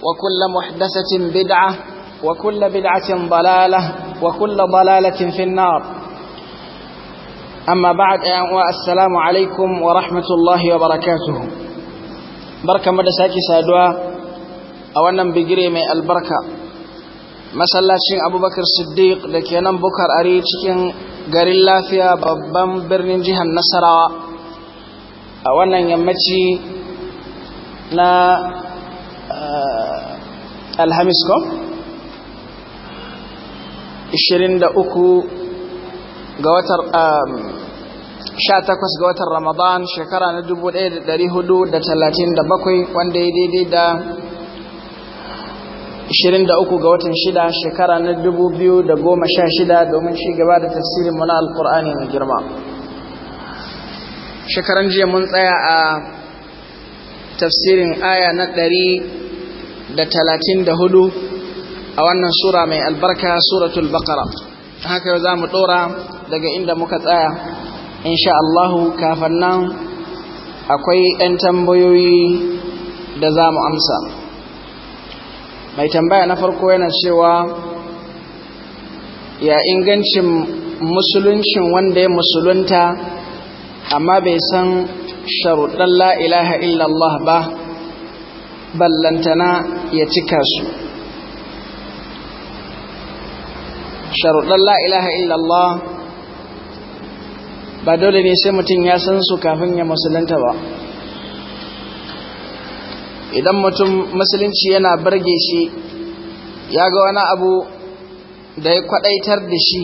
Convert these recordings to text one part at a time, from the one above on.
وكل محدثة بدعة وكل بدعة ضلالة وكل ضلالة في النار أما بعد السلام عليكم ورحمة الله وبركاته بركة مدساكي سادوا أولا بقري من البركة masallacin abubakar siddiq da ke nan bukar are cikin garin lafiya babban birnin jihar nasarawa a wannan yammaci na alhamis ko 23 ga watar 18 um, ga watan ramadan shekara na 1437 wanda ya daidai da 23 ga watan 6 shekara na 2016 domin shi gaba da tafsirin mu na alkur'ani girma shekaran jiya mun tsaya a tafsirin aya na ɗari. da talatin da hudu a wannan sura mai albarka suratul baqara haka za mu ɗora daga inda muka tsaya insha Allahu kafin nan akwai 'yan tambayoyi da za mu amsa mai tambaya na farko yana cewa ya ingancin musuluncin wanda ya musulunta amma bai san sharuɗan La'ilaha illallah ba ballantana ya cika su sharuɗan la'ilaha illallah ba dole ne sai mutum ya san su kafin ya musulunta ba idan mutum musulunci yana barge shi ya ga wani abu da ya kwaɗaitar da shi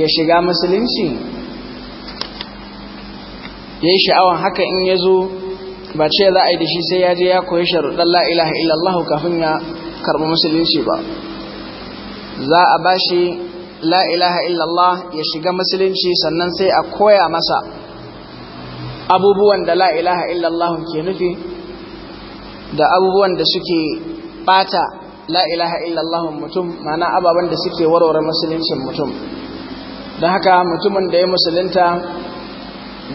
ya shiga musulunci ya yi sha'awan haka in ya zo ba ce za a yi da shi sai ya je ya koyi sharuɗan la ilaha illallah kafin ya karɓi musulunci ba za a ba shi la ilaha illallah ya shiga musulunci sannan sai a koya masa abubuwan da la ilaha illallah ke nufi da abubuwan da suke ɓata la ilaha illallah mutum mana ababen da suke warware musuluncin mutum don haka mutumin da ya musulunta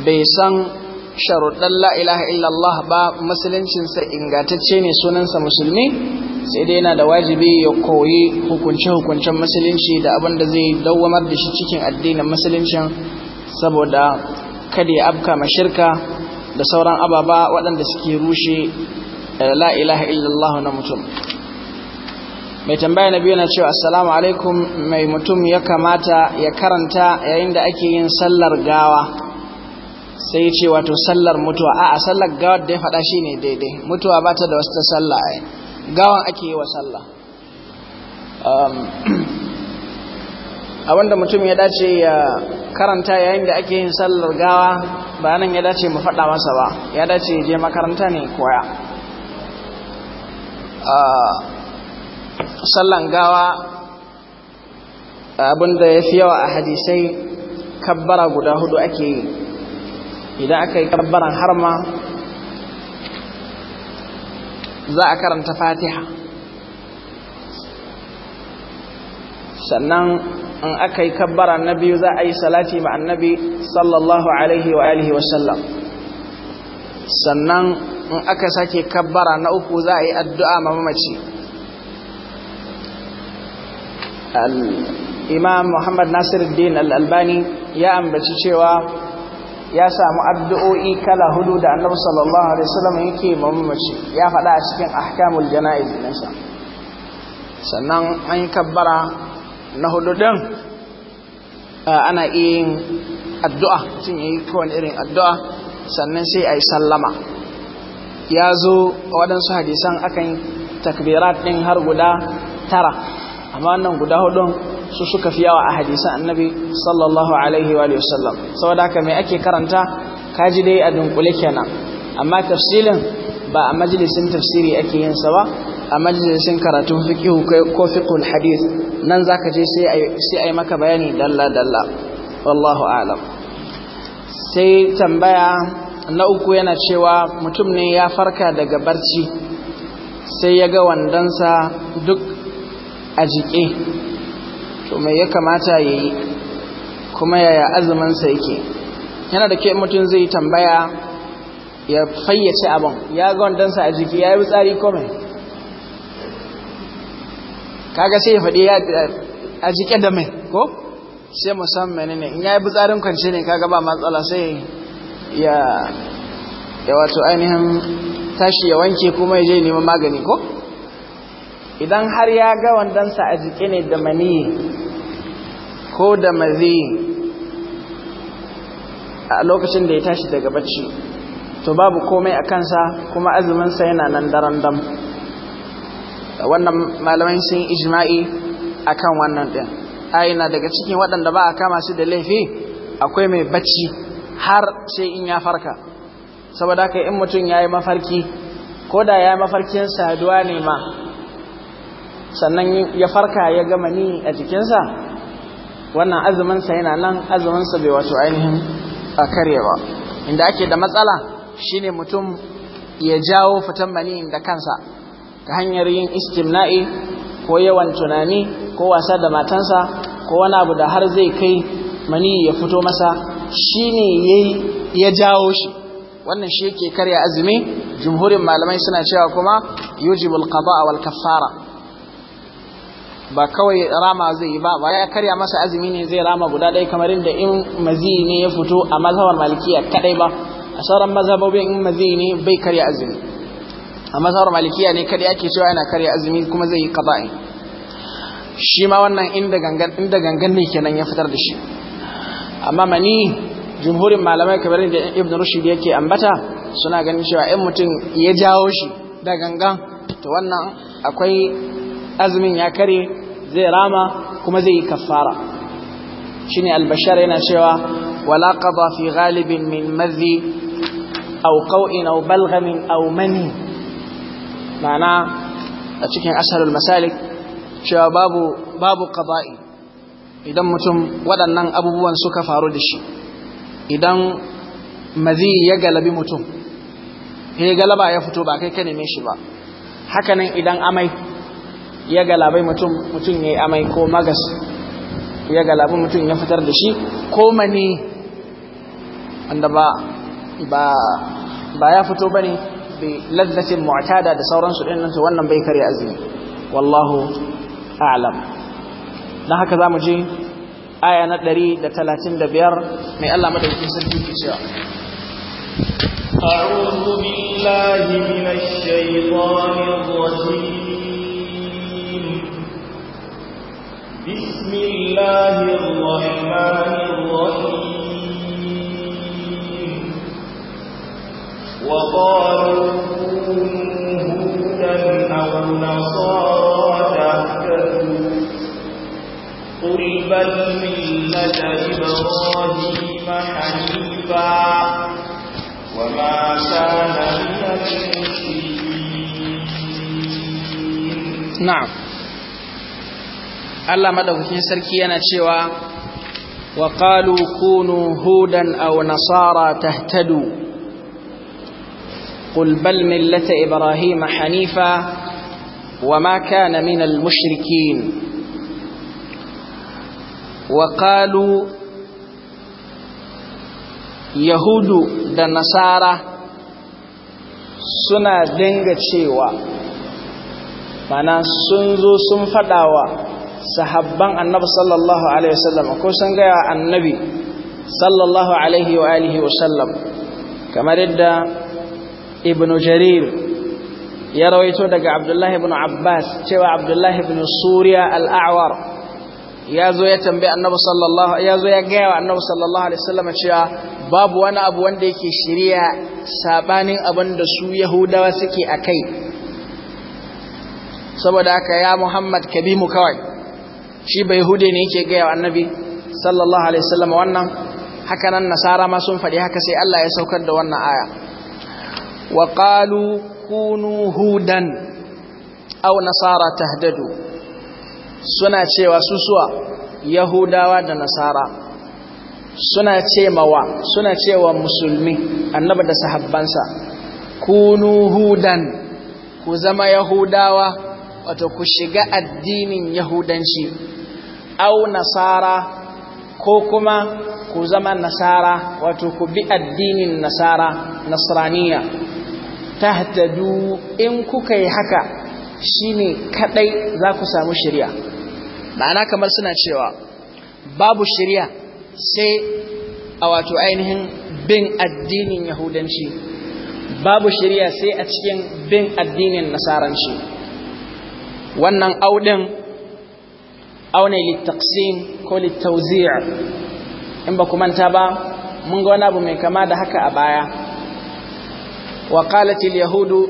bai san sharuɗan la ilaha illallah ba musuluncinsa ingantacce ne sunansa musulmi sai dai yana da wajibi ya koyi hukunce-hukuncen musulunci da abin da zai dawamar da shi cikin addinin musuluncin saboda kada ya abka mashirka da sauran ababa waɗanda suke rushe eh, la ilaha illallah na mutum mai tambaya na biyu na cewa assalamu alaikum mai mutum ya kamata ya karanta yayin da ake yin sallar gawa sai ce wato sallar mutuwa a a sallar gawar da ya faɗa shi ne daidai mutuwa ba ta da wasu ta a yi gawan ake yi wa sallar um, abinda mutum ya dace ya karanta yayin da ake yin sallar gawa ba nan ya dace mu faɗa masa ba ya dace je makaranta ne koya uh, sallan gawa abinda ya fi yawa a hadisai kabbara guda hudu ake yi idan aka yi kabbaran harma za a karanta fatiha sannan in aka yi kabbara na biyu za a yi salati ma annabi sallallahu alaihi wa alihi wasallam sannan in aka sake kabbara na uku za a yi addu'a ma mamaci imam muhammad nasiruddin al'albani ya ambaci cewa ya samu addu'o'i kala hudu da annabu sallallahu alaihi wasallam yake mamaci ya faɗa a cikin ahkamul jana'iz nasa sannan an yi kabbara na hudu ana iya yin addu'a cin ya yi kowane irin addu'a sannan sai a yi sallama ya zo waɗansu hadisan akan takbirat ɗin har guda tara amma wannan guda hudun su suka fi yawa a hadisan annabi sallallahu alaihi wa sallam saboda haka mai ake karanta kaji dai a dunkule kenan amma tafsilin ba a majalisin tafsiri ake yin sa ba a majalisin karatun fiqh ko fiqhul hadith nan zaka je sai ai sai ai maka bayani dalla dalla wallahu a'lam sai tambaya na uku yana cewa mutum ne ya farka daga barci sai ya ga wandansa duk a jike to mai ya kamata ya yi kuma yaya azuminsa yake yana da ke mutum zai tambaya ya fayyace abin ya ga a jiki ya yi tsari kome kaga sai ya faɗi a jike da mai ko sai musamman ne in ya yi tsarin kwanci ne kaga ba matsala sai ya wato ainihin tashi ya wanke kuma ya je neman magani ko idan har ya ga wandonsa a jike ne da mani ko da mazi a lokacin da ya tashi daga bacci to babu komai a kansa kuma azuminsa yana nan daren dam wannan malamai sun ijma'i akan wannan din aina daga cikin waɗanda ba a kama su da laifi akwai mai bacci har sai in ya farka saboda haka in mutum ya yi mafarki ko da ya yi mafarkin saduwa ne ma sannan ya farka ya gama ni a jikinsa wannan azuminsa yana nan azuminsa bai wato ainihin a ba. inda ake da matsala shine mutum ya jawo fitan mani da kansa ta hanyar yin istimna'i ko yawan tunani ko wasa da matansa ko wani abu da har zai kai mani ya fito masa shine ya jawo shi wannan shi yake karya azumi jumhurin malamai suna cewa kuma yujibul qada wal kaffara ba kawai rama zai yi ba ba ya karya masa azumi ne zai rama guda ɗaya kamar inda in mazi ne ya fito a mazhabar malikiya kadai ba a sauran mazhabobin in mazi ne bai karya azumi a mazhabar malikiya ne kadai ake cewa yana karya azumi kuma zai yi qada'i shi ma wannan inda gangan inda gangan ne kenan ya fitar da shi amma mani jumhurin malamai kamar inda ibn rushd yake ambata suna ganin cewa in mutum ya jawo shi da gangan to wannan akwai azumin ya kare zai rama kuma zai yi kafara shine albashar yana cewa wala galibi fi ghalibin min mazi aw qaw'in aw balghamin mani ma'ana a cikin asharul masalik cewa babu ƙaba'i idan mutum waɗannan abubuwan suka faru da shi idan mazi ya galabi mutum ya galaba ya fito ba kai ka shi ba hakanan idan amai ya galabai mutum mutum ya yi amai ko magas ya galabi mutum ya fitar da shi ko mani wanda ba ba ya fito ba ne bi laddatin mu'tada da sauransu ɗin nan wannan bai karya azumi wallahu a'lam don haka za mu je aya na ɗari da talatin da biyar mai Allah madaukin sarki ke cewa. أعوذ بالله من الشيطان الرجيم بسم الله الرحمن الرحيم وقالوا كونوا هودا أو نصارى تهتدوا قل بل ملة إبراهيم حنيفا وما كان من المشركين نعم Allah madaukakin sarki yana cewa wa qalu kunu hudan aw nasara tahtadu qul bal millata ibrahima hanifa wama kana minal mushrikin Wakalu yahudu da nasara suna dinga cewa mana sun zo sun fadawa sahabban annabi sallallahu alaihi wasallam ko sun gaya annabi sallallahu alaihi wa alihi wasallam kamar yadda ibn jarir ya rawaito daga abdullahi ibn abbas cewa abdullahi ibn suriya al-a'war ya zo ya tambaye annabi sallallahu ya zo ya gaya wa annabi sallallahu alaihi wasallam cewa babu wani abu wanda yake shirya sabanin abin da su yahudawa suke akai saboda haka ya muhammad kabi mu kawai shi bai hude ne yake gaya wa annabi sallallahu alaihi wasallam wannan haka nan nasara ma sun faɗi haka sai Allah ya saukar da wannan aya wa qalu kunu hudan aw nasara tahdadu suna cewa susuwa yahudawa da nasara suna ce wa suna cewa musulmi annabi da sahabbansa kunu hudan ku zama yahudawa wato ku shiga addinin yahudanci au nasara ko kuma ku zama nasara wato ku bi addinin nasara nasraniya tahtadu in kuka yi haka shine kadai za ku samu shari'a ma'ana kamar suna cewa babu shari'a sai a wato ainihin bin addinin yahudanci babu shari'a sai a cikin bin addinin nasaranci wannan audin aune littaqsim ko littawzi' in ba kuma manta ba mun ga wani abu mai kama da haka a baya wa yahudu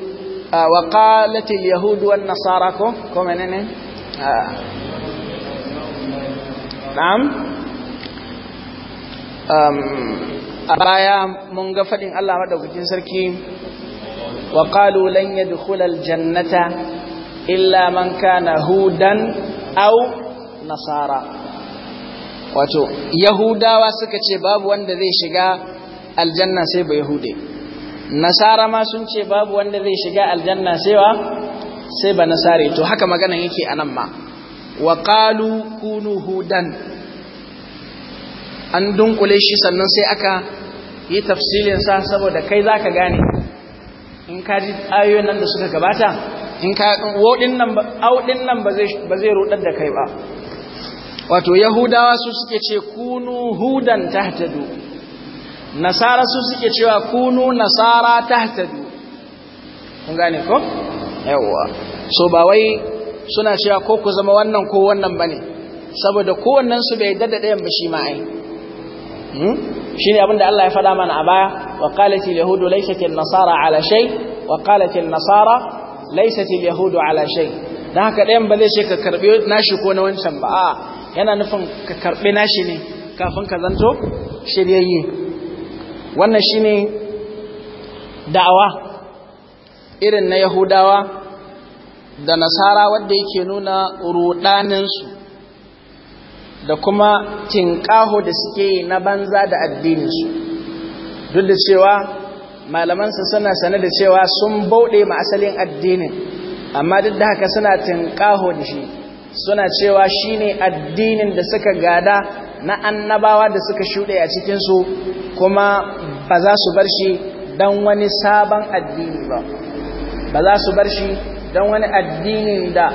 wa yahudu nasara ko ko ne? na'am a baya mun ga faɗin Allah maɗaukakin sarki wa ƙalu da yadkhula jannata. illa man kana hudan au nasara wato yahudawa suka ce babu wanda zai shiga aljanna sai ba yahude nasara ma sun ce babu wanda zai shiga aljanna sai wa sai ba nasare to haka maganan yake anan ma wa qalu kunu hudan an dunkule shi sannan sai aka yi tafsilin sa saboda kai zaka gane in ka ji ayoyin nan da suka gabata in ka wodin nan audin nan ba zai ba zai rudar da kai ba wato yahudawa su suke ce kunu hudan tahtadu nasara su suke cewa kunu nasara tahtadu kun gane ko yawa so ba wai suna cewa ko ku zama wannan ko wannan bane saboda kowannen su bai dada dayan ba shi ma ai Hmm? shine abin da Allah ya faɗa mana a baya wa qalat yahudu laysat nasara ala shay wa qalat an nasara laysat al yahudu ala shay dan haka ɗayan ba zai ce ka karbi nashi ko na wancan ba a'a yana nufin ka karbi nashi ne kafin ka zanto shiryayye wannan shine da'awa irin na yahudawa da nasara wanda yake nuna rudaninsu da kuma tinƙaho da suke yi na banza da addininsu duk da cewa malamansu suna sane da cewa sun bauɗe ma asalin addinin amma duk da haka suna tinƙaho da shi suna cewa shi ne addinin da suka gada na annabawa da suka shuɗe a cikinsu kuma ba za su bar shi don wani sabon addini ba ba za su bar shi don wani addinin da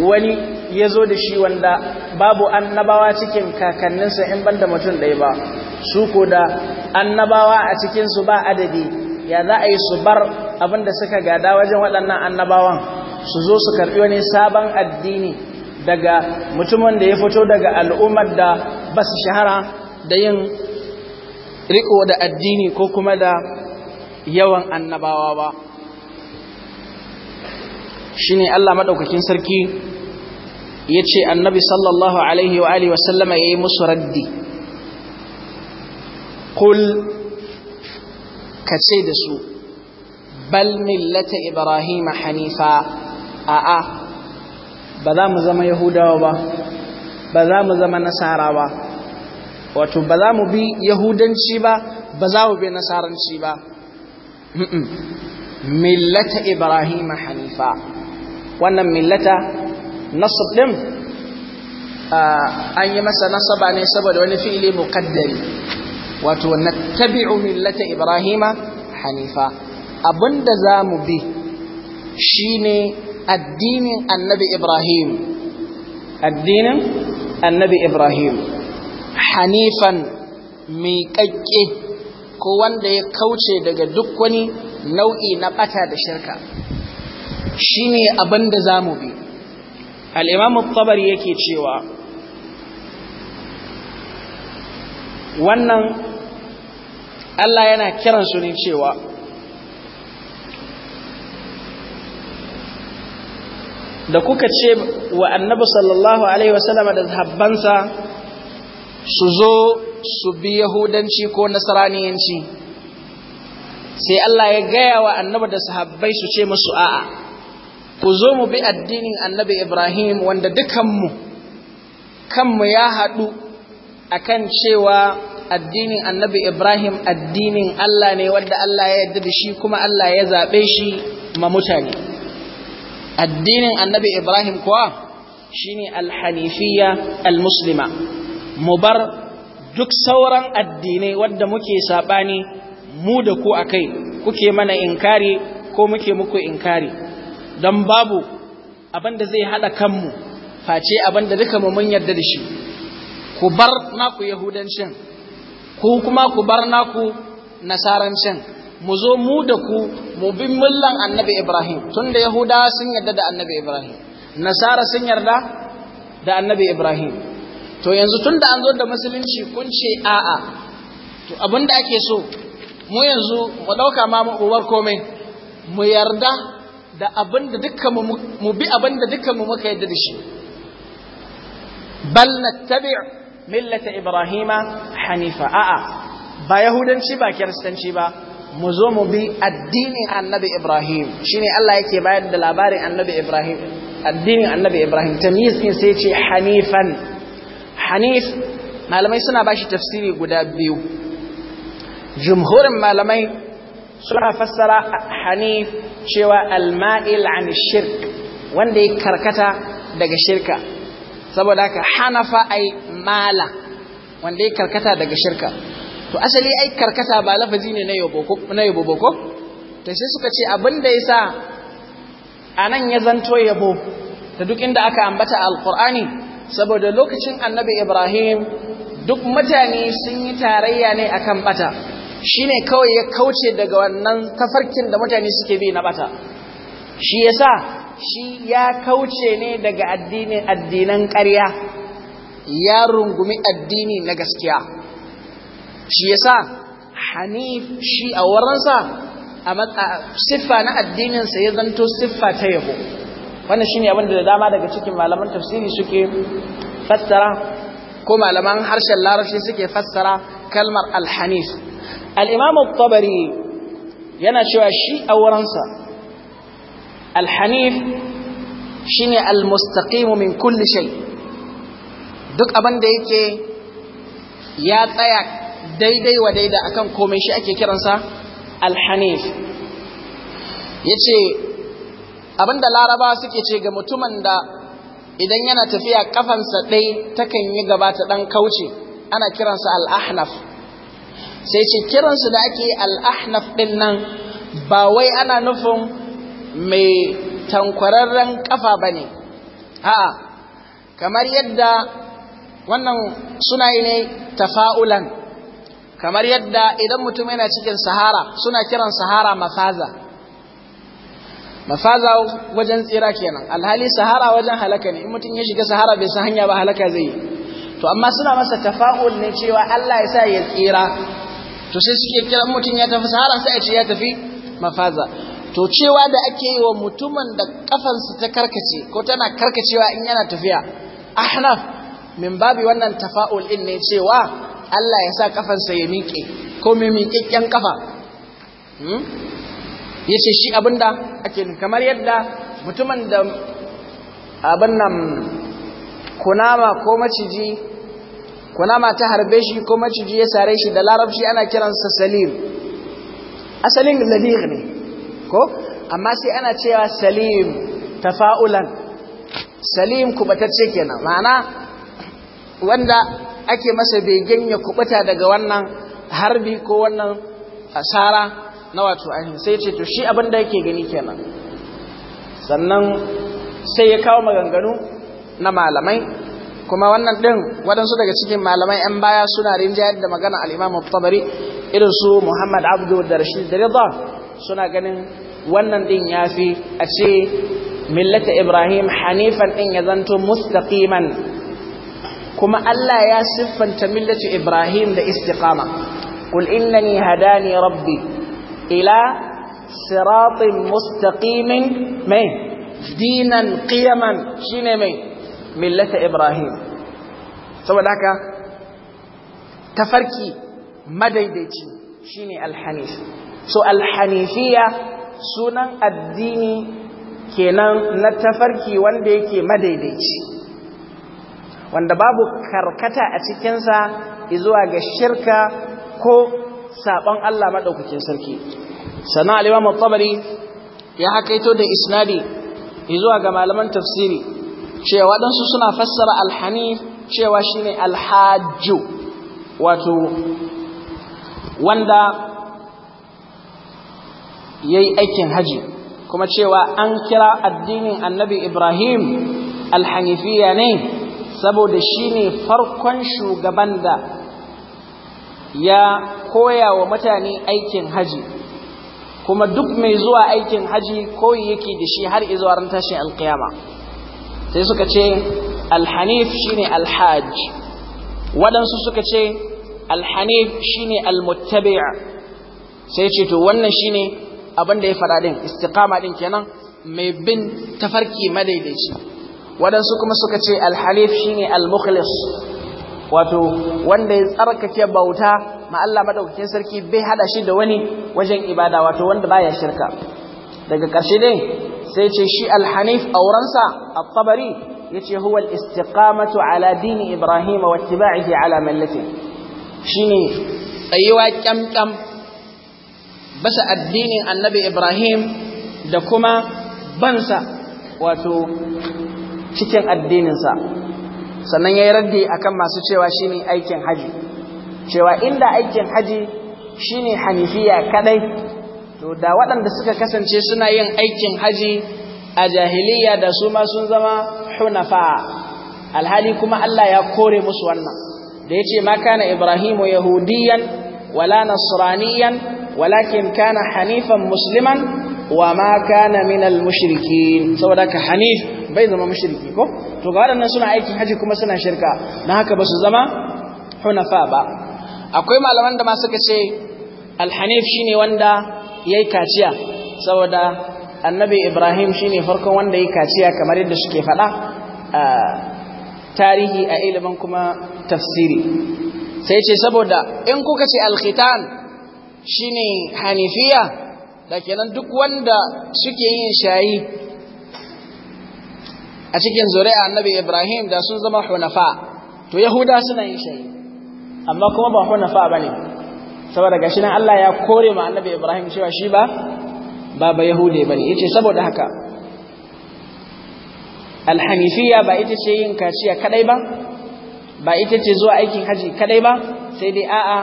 wani ya zo da shi wanda babu annabawa cikin kakanninsa in ban da mutum ɗaya ba su ko da annabawa a cikinsu ba adadi ya za a yi su bar abinda suka gada wajen waɗannan annabawan su zo su karɓi wani sabon addini daga mutumin da ya fito daga al'ummar da ba su shahara da yin riko da addini ko kuma da yawan annabawa ba shi Allah maɗaukakin sarki ya ce annabi sallallahu alaihi wa alihi wasallama ya yi musu raddi kul ka ce da su bal millata ibrahim hanifa a'a ba za mu zama yahudawa ba ba za mu zama nasara ba wato ba za mu bi yahudanci ba ba za mu bi nasaranci ba millata ibrahim hanifa wannan millata nasab ɗin an yi masa nasaba ne saboda wani fili muqaddari wato tabi'u millata ibrahima hanifa abinda za mu bi shine addinin annabi ibrahim addinin annabi ibrahim hanifan miƙaƙƙe ko wanda ya kauce daga duk wani nau'i na ɓata da shirka shine abinda za mu bi al'imamu tabari yake cewa wannan Allah yana kiransu ne cewa da kuka ce wa annabi sallallahu alaihi wasallama da habbansa su zo su bi yahudanci ko nasaraniyanci sai Allah ya gaya wa annabi da sahabbai su ce musu a'a ku zo mu bi addinin annabi Ibrahim wanda dukanmu kanmu ya haɗu akan cewa addinin annabi Ibrahim addinin Allah ne wanda Allah ya yarda da shi kuma Allah ya zaɓe shi ma mutane addinin annabi Ibrahim kuwa shine alhanifiyya almuslima mu bar duk sauran addinai wadda muke saɓani mu da ku a kai kuke mana inkari ko muke muku inkari don babu abin da zai haɗa kanmu face abin da duka mu mun yarda da shi ku bar naku yahudancin ku kuma ku bar naku nasarancin mu zo mu da ku mu bin mullan annabi ibrahim tunda yahudawa sun yarda da annabi ibrahim nasara sun yarda da annabi ibrahim to yanzu tunda an zo da musulunci kun ce a'a to abin da ake so mu yanzu mu ɗauka ma mu uwar komai mu yarda da abin da duka mu bi abin da duka mu muka yadda da shi bal tabi millata ibrahima hanifa a'a ba yahudanci ba kiristanci ba mu zo mu bi addinin annabi ibrahim shine Allah yake bayar da labarin annabi ibrahim addinin annabi ibrahim tamyiz din sai ce hanifan hanif malamai suna bashi tafsiri guda biyu jumhurin malamai suna fassara hanif cewa alma'il an shirk wanda ya karkata daga shirka saboda haka hanafa ai mala wanda ya karkata daga shirka to asali ai karkata ba lafazi ne na yabo boko to sai suka ce abinda ya sa a nan ya zanto yabo da duk inda aka ambata alkur'ani saboda lokacin annabi ibrahim duk mutane sun yi tarayya ne akan bata shine kawai ya kauce daga wannan tafarkin da mutane suke bi na bata shi yasa shi ya kauce ne daga addinin addinan ƙarya ya rungumi addini na gaskiya shi yasa hanif shi a wurinsa a siffa na addininsa ya zanto siffa ta yabo wannan shine abin da dama daga cikin malaman tafsiri suke fassara ko malaman harshen Larashi suke fassara kalmar alhanif al'imamu tabari yana cewa shi a wurinsa alhanif shi ne almustaqimu min kulli shai duk abin da yake ya tsaya daidai wa daida akan komai shi ake kiransa alhanif ya ce abin da laraba suke ce ga mutumin da idan yana tafiya kafansa ɗai takan yi gaba ta ɗan kauce ana kiransa al'ahnaf sai ce kiransu da ake al'ahnaf ɗin nan ba wai ana nufin mai tankwararren ƙafa ba ne a'a kamar yadda wannan suna yi ne tafa'ulan kamar yadda idan mutum yana cikin sahara suna kiran sahara mafaza mafaza wajen tsira kenan alhali sahara wajen halaka ne in mutum ya shiga sahara bai san hanya ba halaka zai yi to amma suna masa tafa'ul ne cewa Allah ya sa ya tsira to sai suke kiran mutum ya tafi sahara sai a ce ya tafi mafaza to cewa da ake yi wa mutumin da kafansa ta karkace ko tana karkacewa in yana tafiya ahnaf min babi wannan tafa'ul din ne cewa Allah ya sa kafansa ya miƙe ko mai miƙaƙƙen kafa hmm? ya ce shi abinda ake kamar yadda mutumin da abin nan kunama ko maciji kunama ta harbe shi ko maciji ya sare shi da larabci ana kiransa salim asalin lalir ne ko amma sai ana cewa salim tafa'ulan salim kubatacce kenan ma'ana wanda ake masa begen ya kubuta daga wannan harbi ko wannan asara na wato ainihin sai ce to shi abin da yake gani kenan sannan sai ya kawo maganganu na malamai kuma wannan ɗin waɗansu daga cikin malamai ‘yan baya suna rinjayar da magana al'imamu tabari irin su muhammad abdu da rashid da rida suna ganin wannan ɗin ya fi a ce millata ibrahim hanifan ɗin ya zanto mustaqiman kuma allah ya siffanta millata ibrahim da istiqama qul innani hadani rabbi ila siratin mustaqimin mai dinan qiyaman shine mai millata ibrahim saboda haka tafarki madaidaici shine alhanif so alhanifiya sunan addini kenan na tafarki wanda yake madaidaici wanda babu karkata a cikinsa zuwa ga shirka ko saɓon Allah maɗaukakin sarki sana al'imamu tabari ya hakaito da isnadi zuwa ga malaman tafsiri cewa waɗansu suna fassara alhani, cewa ne alhajju wato wanda ya yi aikin haji kuma cewa an kira addinin annabi ibrahim alhanifiya ne saboda shine farkon shugaban da ya koya wa mutane aikin haji kuma duk mai zuwa aikin haji koyi yake da shi har izuwa ran tashin alkiyama sai suka ce alhanif shine alhaj waɗansu suka ce alhanif shine almuttabi'a sai ce to wannan shine abin da ya faɗa din istiqama din kenan mai bin tafarki madaidaici waɗansu kuma suka ce alhanif shine almukhlis wato wanda ya tsarkake bauta ma Allah madaukakin sarki bai hada shi da wani wajen ibada wato wanda baya shirka daga ƙarshe dai sai ce shi alhanif aurensa at-tabari ce huwa al-istiqamatu ala dini ibrahim wa ittiba'ihi ala millati shine tsayuwa kyamkyam basa addinin annabi ibrahim da kuma bansa wato cikin addininsa sannan yayi raddi akan masu cewa ne aikin haji cewa inda aikin haji shine hanifiya kadai to da waɗanda suka kasance suna yin aikin haji a jahiliya da su ma sun zama hunafa alhali kuma Allah ya kore musu wannan da yace ma kana ibrahimu yahudiyan wala nasraniyan walakin kana hanifan musliman wa ma kana minal mushrikin saboda ka hanif bai zama mushriki ko to ga waɗannan suna aikin haji kuma suna shirka na haka ba su zama hunafa ba akwai malaman da ma suka ce alhanif shine wanda yayi kaciya saboda annabi Ibrahim shine farkon wanda yayi kaciya kamar yadda suke fada a tarihi a ilimin kuma tafsiri sai ce saboda in kuka ce alkhitan shine hanifiya da kenan duk wanda suke yin shayi a cikin zuri'a annabi Ibrahim da sun zama hunafa to yahuda suna yin shayi amma kuma ba hunafa bane saboda gashi nan Allah ya kore ma annabi Ibrahim cewa shi ba ba ba yahude bane yace saboda haka alhanifiya ba ita ce yin kaciya kadai ba ba ita ce zuwa aikin haji kadai ba sai dai a'a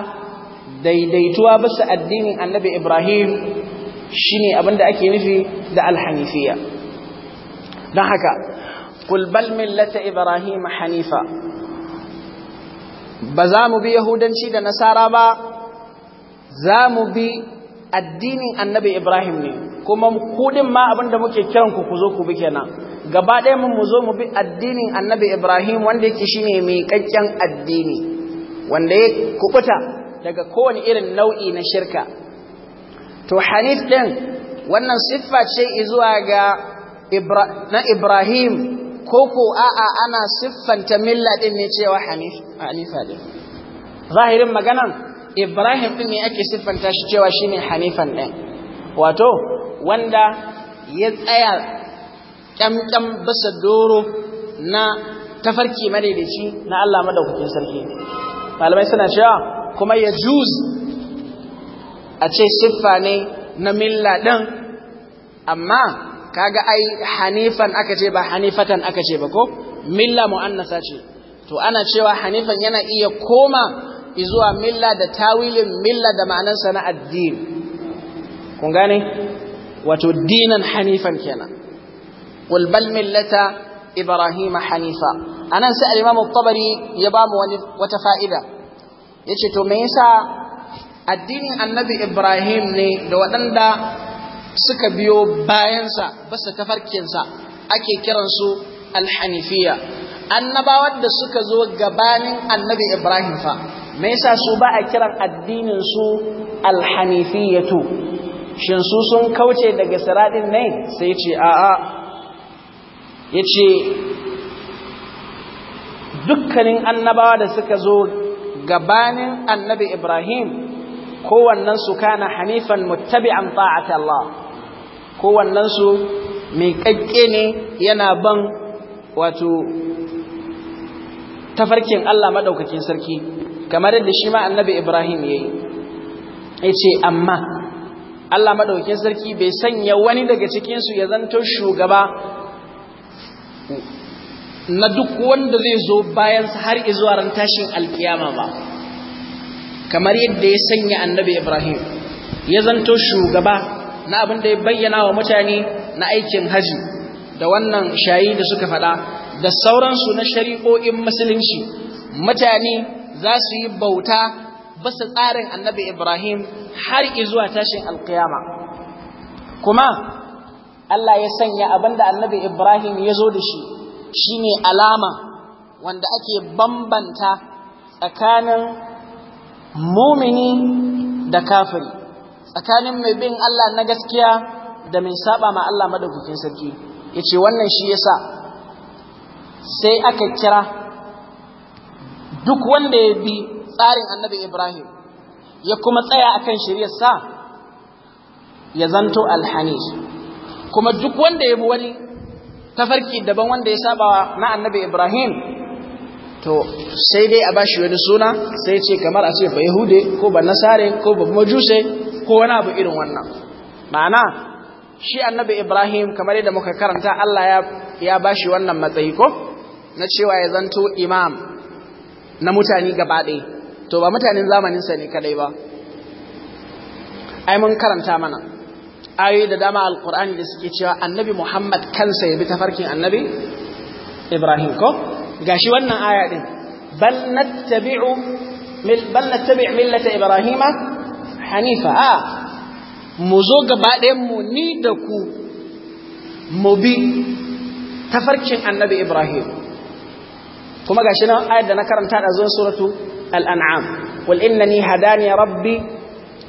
daidaituwa bisa addinin annabi Ibrahim shine abinda ake nufi da alhanifiya don haka qul bal millata ibrahim hanifa ba za mu bi yahudanci da nasara ba za mu bi addinin annabi Ibrahim ne kuma kudin ma abinda muke kiran ku ku zo ku bi kenan gaba ɗaya mun mu zo mu bi addinin annabi Ibrahim wanda yake shine mai kakken addini wanda ya kubuta daga kowane irin nau'i na shirka to hanif ɗin wannan siffa ce zuwa ga na Ibrahim ko ko a'a ana siffanta milla ɗin ne cewa hanif hanifa din zahirin maganan Ibrahim ɗin ne ake siffanta shi cewa shi ne hanifan ɗin, wato, wanda ya tsaya ƙyamƙyam bisa doro na tafarki madaidaici na Allah madaukakin sarki. Malamai suna cewa kuma ya juz a ce siffa ne na milla ɗin, amma kaga ai hanifan aka ce ba hanifatan aka ce ba ko? Milla mu'annasa ce, to ana cewa hanifan yana iya koma izuwa milla da tawilin milla da ma'anansa na addini kun gane wato dinan hanifan kenan qul bal millata ibrahima hanifa anan sai al-imam at-tabari ya ba mu wani wata fa'ida yace to me yasa addinin annabi ibrahim ne da waɗanda suka biyo bayansa basu tafarkinsa ake kiransu al-hanifiyya annabawar da suka zo gabanin annabi Ibrahim fa me yasa su ba a kiran addinin su alhanifiyatu shin su sun kauce daga siradin ne sai ce a yace dukkanin annabawa da suka zo gabanin annabi Ibrahim kowannan su kana hanifan muttabi'an ta'ati Allah kowannan su mai kakke ne yana ban wato tafarkin Allah madaukakin sarki kamar yadda shi ma annabi Ibrahim yayi yace amma Allah maɗaukakin sarki bai sanya wani daga cikin ya zanto shugaba na duk wanda zai zo bayan har zuwa ran tashin alkiyama ba kamar yadda ya sanya annabi Ibrahim ya zanto shugaba na abin da ya bayyana wa mutane na aikin haji da wannan shayi da suka faɗa da sauransu na shari'o'in musulunci mutane za su yi bauta basa tsarin annabi Ibrahim har izuwa tashin alkiyama kuma Allah ya sanya abinda annabi Ibrahim ya zo da shi shine alama wanda ake bambanta tsakanin mumini da kafiri tsakanin mai bin Allah na gaskiya da mai saba ma Allah madaukakin sarki yace wannan shi yasa sai aka kira duk wanda ya bi tsarin annabi Ibrahim ya kuma tsaya akan sa ya zanto alhanis kuma duk wanda ya bi wani tafarki daban wanda ya saba na annabi Ibrahim to sai dai a bashi wani suna sai ce kamar a ce ba yahude ko ba nasare ko ba majuse ko wani abu irin wannan ma'ana shi annabi Ibrahim kamar yadda muka karanta Allah ya ya bashi wannan matsayi ko na cewa ya zanto imam na mutane gaba to ba mutanen zamaninsa ne kadai ba ai mun karanta mana ayoyi da dama alkur'ani da suke cewa annabi muhammad kansa ya bi tafarkin annabi ibrahim ko gashi wannan aya din bal nattabi'u nattabi' millata ibrahima hanifa a mu zo gaba ɗayan mu ni da ku mu bi tafarkin annabi ibrahim kuma gashi nan ayar da na karanta da zuwa suratu al-an'am wal innani hadani rabbi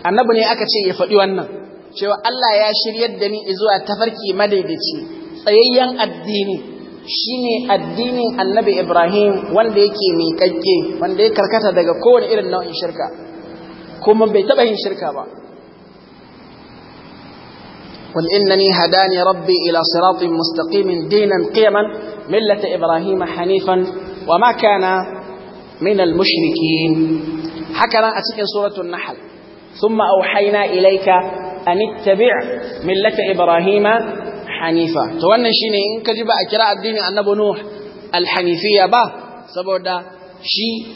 annabi ne aka ce ya faɗi wannan cewa Allah ya shiryar da ni zuwa tafarki madaidaci tsayayyen addini shine addinin annabi Ibrahim wanda yake miƙaƙƙe wanda ya karkata daga kowane irin nau'in shirka kuma bai taɓa yin shirka ba قل إنني هداني ربي إلى صراط مستقيم دينا قيما ملة إبراهيم حنيفا وما كان من المشركين حكنا أتكن سورة النحل ثم أوحينا إليك أن اتبع ملة إبراهيم حنيفا تولنا شيني إن كجب أكراء الدين أن أبو نوح الحنيفية با سبودا شي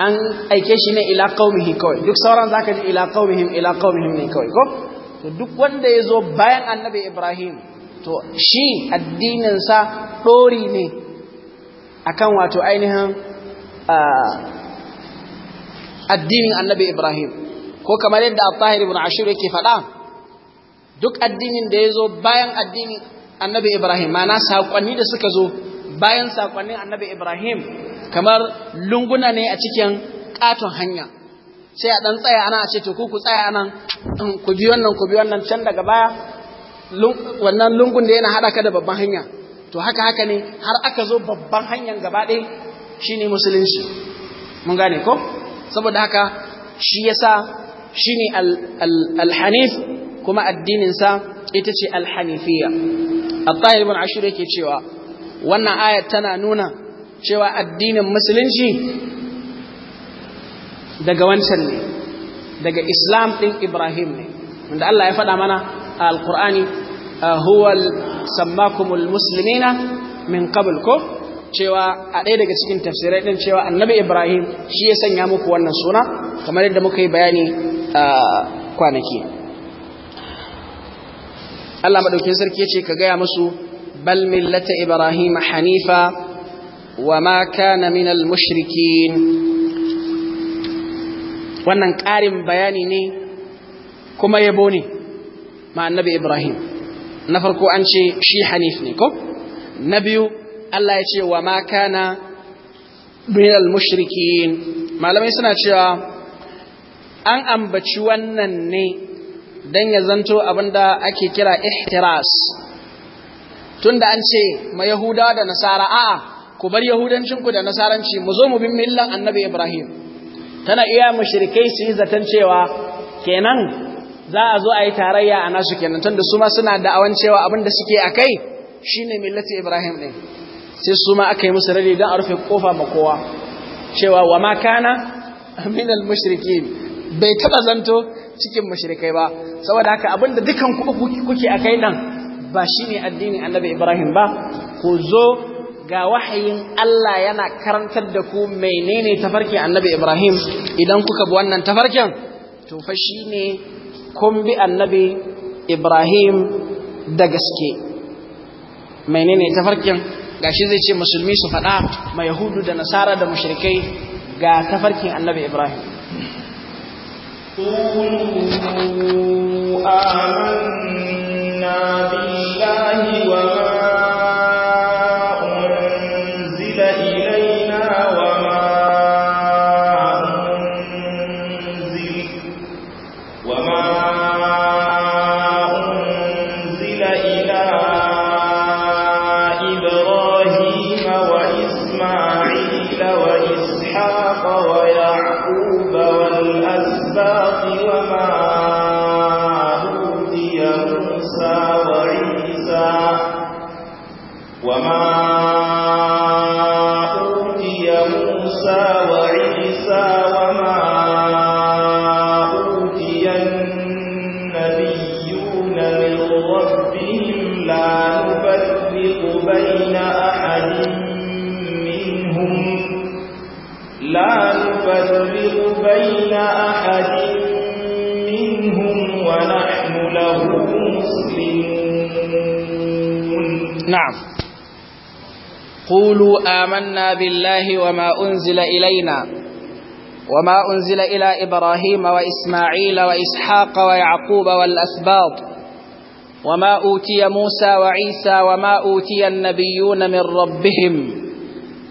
أن أيكيش إلى قومه كوي يكسورا ذاك إلى قومهم إلى قومهم كوي كو to duk wanda ya zo bayan annabi ibrahim to shi addininsa ɗori ne akan wato ainihin addinin annabi ibrahim ko kamar yadda al-tahir ibn ashir yake faɗa duk addinin da ya zo bayan addinin annabi ibrahim mana saƙonni da suka zo bayan saƙonnin annabi ibrahim kamar lunguna ne a cikin ƙaton hanya sai a dan tsaya ana ce to ku ku tsaya nan ku bi wannan ku bi wannan can daga baya wannan lungun da yana haɗa ka da babban hanya to haka haka ne har aka zo babban hanyar gaba ɗaya shine musulunci mun gane ko saboda haka shi yasa shine al-hanif kuma addinin sa ita ce al-hanifiyya tahir ibn ashur yake cewa wannan ayat tana nuna cewa addinin musulunci daga wancan ne daga islam ɗin ibrahim ne wanda Allah ya faɗa mana a alkur'ani ah, huwal sammakumul musulmina min qabl ko cewa a ɗaya daga cikin tafsirai ɗin cewa annabi ibrahim shi ya sanya muku wannan suna kamar yadda muka yi bayani ah, kwanaki Allah maɗaukin sarki ya ce ka gaya musu bal millata ibrahim hanifa wa ma kana minal mushrikin wannan ƙarin bayani ne kuma yabo ne ma annabi ibrahim na farko an ce shi hanif ne ko na biyu allah ya ce wa ma kana min mushrikin malamai suna cewa an ambaci wannan ne don ya zanto abinda ake kira ihtiras tunda an ce ma yahudawa da nasara a'a ku bar yahudancinku da nasaranci mu zo mu bin millan annabi ibrahim tana iya mushrikai su yi zaton cewa kenan za a zo a yi tarayya a nasu kenan tunda su ma suna da'awan cewa abin da suke a kai shine millati ibrahim din sai su ma aka yi musu rari don a rufe kofa ma kowa cewa wa ma kana min al bai taba zanto cikin mushrikai ba saboda haka abin da dukan kuke akai nan ba shine addinin annabi ibrahim ba ku zo ga wahayin Allah yana karantar da ku menene tafarkin annabi Ibrahim idan kuka bi wannan tafarkin to fa shine kun bi annabi Ibrahim da gaske menene tafarkin gashi zai ce musulmi su faɗa ma yahudu da nasara da mushrikai ga tafarkin annabi Ibrahim قولوا آمنا به قولوا آمنا بالله وما أنزل إلينا وما أنزل إلى إبراهيم وإسماعيل وإسحاق ويعقوب والأسباط وما أوتي موسى وعيسى وما أوتي النبيون من ربهم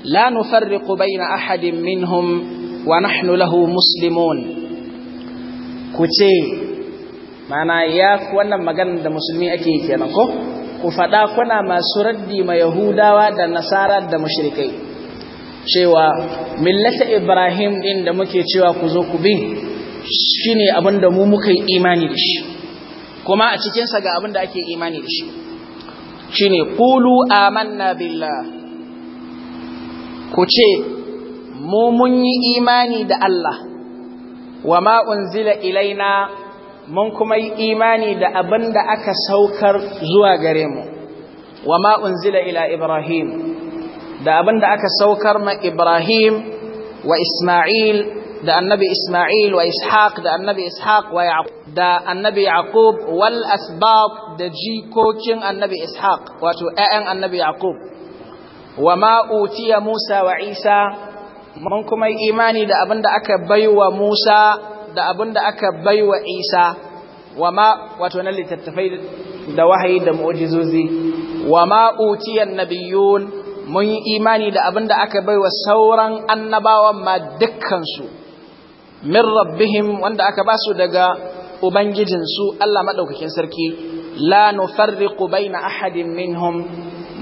لا نفرق بين أحد منهم ونحن له مسلمون كتي معنى إياك وانا مجند مسلمي أكيد يا نقو ku faɗa kuna masu raddi ma yahudawa da nasara da mushrikai cewa millata ibrahim ɗin da muke cewa ku zo ku bi shi ne abin da mu muka yi imani da shi kuma a cikinsa ga abin da ake imani da shi shi ne ƙulu amanna billah ku ce mu mun yi imani da Allah wa ma unzila ilaina mun kuma yi imani da abin da aka saukar zuwa gare mu wa ma unzila ila ibrahim da abin da aka saukar ma ibrahim wa isma'il da annabi isma'il wa ishaq da annabi ishaq wa da annabi yaqub wal asbab da jikokin annabi ishaq wato ƴaƴan annabi yaqub wa ma utiya musa wa isa mun kuma yi imani da abin da aka baiwa musa da abin da aka bai wa isa wa ma wato na littattafai da wahayi da mu'jizozi wa ma utiyan nabiyun mun yi imani da abin da aka bai wa sauran annabawan ma dukkansu min rabbihim wanda aka ba su daga ubangijinsu Allah maɗaukakin sarki la nufarriqu baina ahadin minhum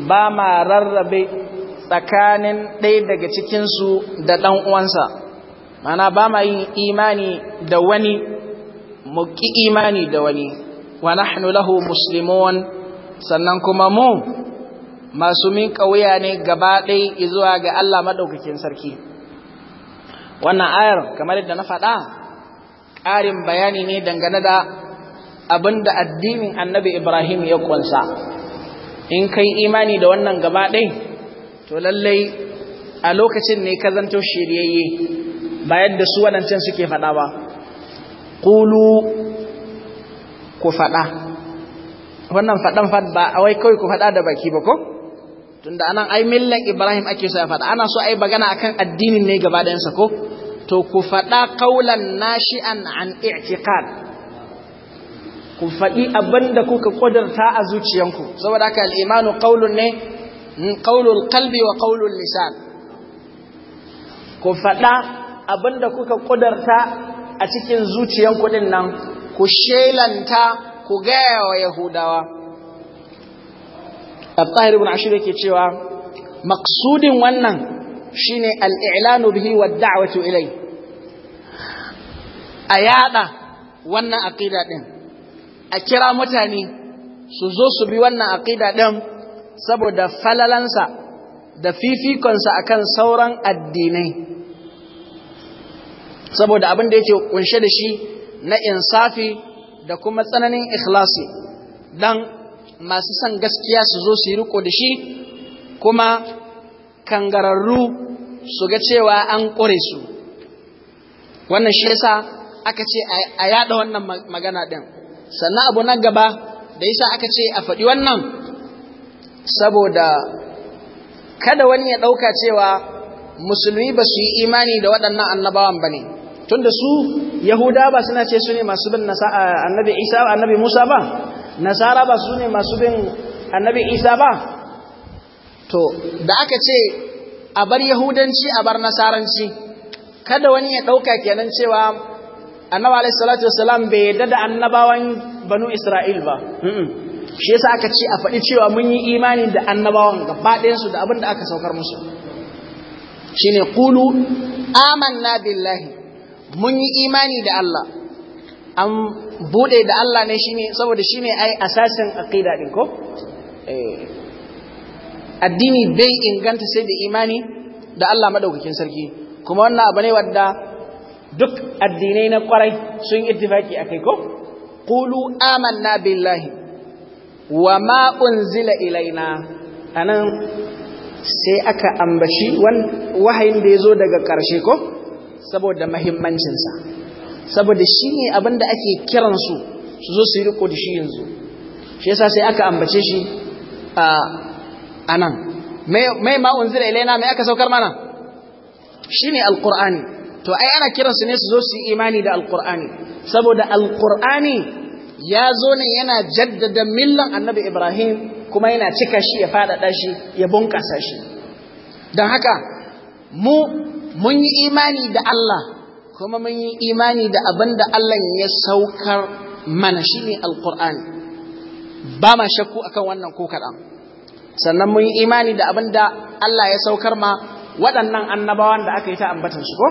ba ma rarrabe tsakanin ɗaya daga cikinsu da ɗan uwansa mana ba ma yin imani da wani mu imani da wani wa nahnu lahu muslimun sannan kuma mu masu min kauya ne gaba ɗaya zuwa ga Allah madaukakin sarki wannan ayar kamar yadda na faɗa ƙarin bayani ne dangane da abinda addinin annabi Ibrahim ya ƙunsa, in kai imani da wannan gaba ɗaya to lallai a lokacin ne ka zanto shiryayye ba yadda su wadancan suke faɗa ba ƙulu ku faɗa wannan faɗan fad ba a wai kawai ku faɗa da baki ba ko tunda anan ai millan ibrahim ake so ya faɗa ana so ai magana akan addinin ne gaba ɗayansa ko to ku faɗa kaulan nashi'an an i'tiqad ku faɗi abinda kuka ƙudurta a zuciyanku saboda haka al-imanu qaulun ne qaulul qalbi wa qaulul lisan ku faɗa abinda kuka kudarta a cikin zuciyan kudin nan ku shelanta ku gaya wa yahudawa al-tahir ibn ashir yake cewa maqsudin wannan shine al-i'lanu bihi wa da'watu ilai a yada wannan aqida din a kira mutane su zo su bi wannan aqida din saboda falalansa da fifikonsa akan sauran addinai saboda abin da yake kunshe da shi na insafi da kuma tsananin ikhlasi dan masu son gaskiya su zo su yi riko da shi kuma kangararru su ga cewa an ƙure su wannan shi yasa aka ce a yada wannan magana din sannan abu na gaba da yasa aka ce a faɗi wannan saboda kada wani ya ɗauka cewa musulmi ba su yi imani da waɗannan annabawan ba ne tunda su yahuda ba suna ce su ne masu bin annabi isa annabi musa ba nasara ba su ne masu bin annabi isa ba to da aka ce a bar yahudanci a bar nasaranci kada wani ya ɗauka kenan cewa annabi alaihi salatu wasalam bai yadda da annabawan banu isra'il ba shi yasa aka ce a faɗi cewa mun yi imani da annabawan gaba ɗayansu da abin da aka saukar musu shine qulu amanna billahi mun yi imani da Allah an bude da Allah ne shine saboda shine ai asasin aqida din ko eh addini bai inganta sai da imani da Allah madaukakin sarki kuma wannan abu ne wanda duk addinai na kwarai sun ittifaki akai ko qulu amanna billahi wa ma unzila ilaina anan sai aka ambaci wahayin da ya zo daga karshe ko saboda mahimmancinsa saboda shi ne da ake kiransu su zo su yi riko da shi yanzu shi yasa sai aka ambace shi a nan mai ma'un zira ilaina mai aka saukar mana shi ne alkur'ani to ai ana kiransu ne su zo su yi imani da alkur'ani saboda alkur'ani ya zo ne yana jaddada millan annabi ibrahim kuma yana cika shi ya faɗaɗa shi ya bunƙasa shi don haka mu mun yi imani da Allah kuma mun yi imani da abin da Allah ya saukar mana shi ne alkur'ani ba ma shakku akan wannan ko kaɗan sannan mun yi imani da abin da Allah ya saukar ma waɗannan annabawan da aka yi ta ambatan su ko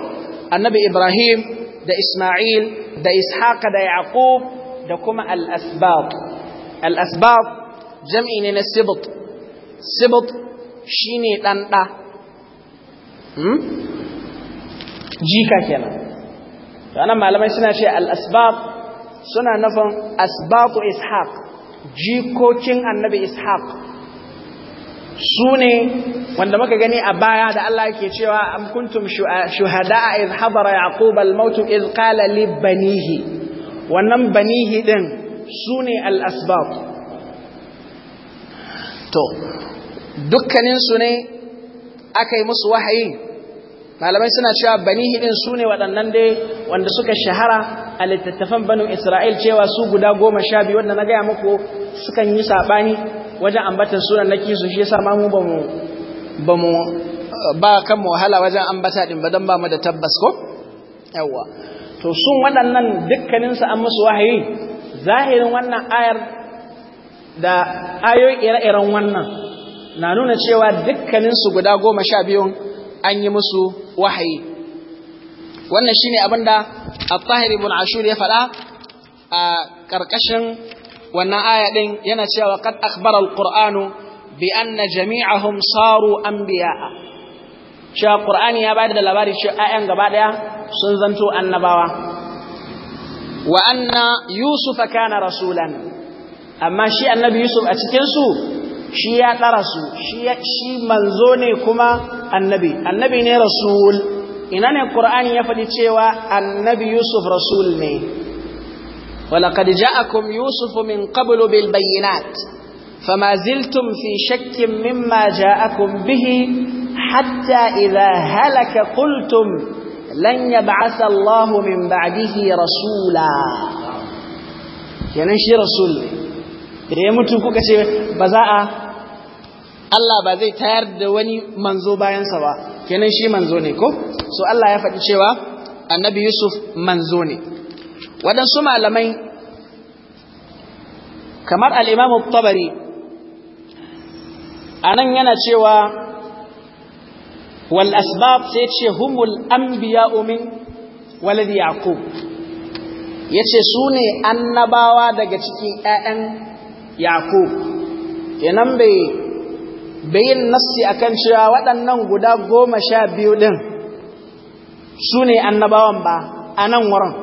annabi ibrahim da isma'il da ishaqa da yaqub da kuma al-asbab al-asbab jam'i ne na sibt sibt shine dan da hmm? jika kenan wannan malamai suna ce al-asbab suna nufin asbaqu ishaq jikokin annabi ishaq Sune wanda muka gani a baya da Allah yake cewa am kuntum a idh hadara yaqub al-maut idh qala li banihi wannan banihi din sune al-asbab to dukkanin su ne aka yi musu wahayi malamai suna cewa banihi din su ne waɗannan dai wanda suka shahara a littattafan banin isra'il cewa su guda goma sha biyu wanda na gaya muku sukan yi saɓani wajen ambatan sunan na kisu shi yasa mu ba mu ba mu ba kan mu wahala wajen ambata din ba don ba mu da tabbas ko yawwa to sun waɗannan dukkaninsu an musu wahayi zahirin wannan ayar da ayoyi ire-iren wannan na nuna cewa dukkaninsu guda goma sha biyun an yi musu wahayi wannan shine abin da al-tahir ibn ashur ya faɗa a ƙarƙashin wannan aya ɗin yana cewa qad akhbara al-qur'anu bi anna jami'ahum saru anbiya'a cewa qur'ani ya bada da labari cewa ayan gaba ɗaya, sun zanto annabawa wa anna yusufa kana rasulan amma shi annabi yusuf a cikin su shi ya ƙara shi manzo ne kuma annabi annabi ne rasul ina ne ƙura'ani ya faɗi cewa annabi yusuf rasul ne walaƙad ja'akum Yusuf min qablu bil bayyinat fama ziltum fi shakkin mimma ja'akum bihi hatta idza halaka qultum lan yab'atha Allahu min ba'dihi rasula kenan shi rasul ne dire kuka ce ba za Allah ba zai tayar da wani manzo bayansa ba kenan shi manzo ne ko so Allah ya faɗi cewa annabi Yusuf manzo ne waɗansu malamai kamar al'imamu tabari a nan yana cewa wal asbab sai ce humul anbiya'u umin waladi yaqub yace su ne annabawa daga cikin ƴaƴan yaqub kenan bai bayin nassi akan cewa waɗannan guda goma sha biyu ɗin su ne annabawan ba a nan wurin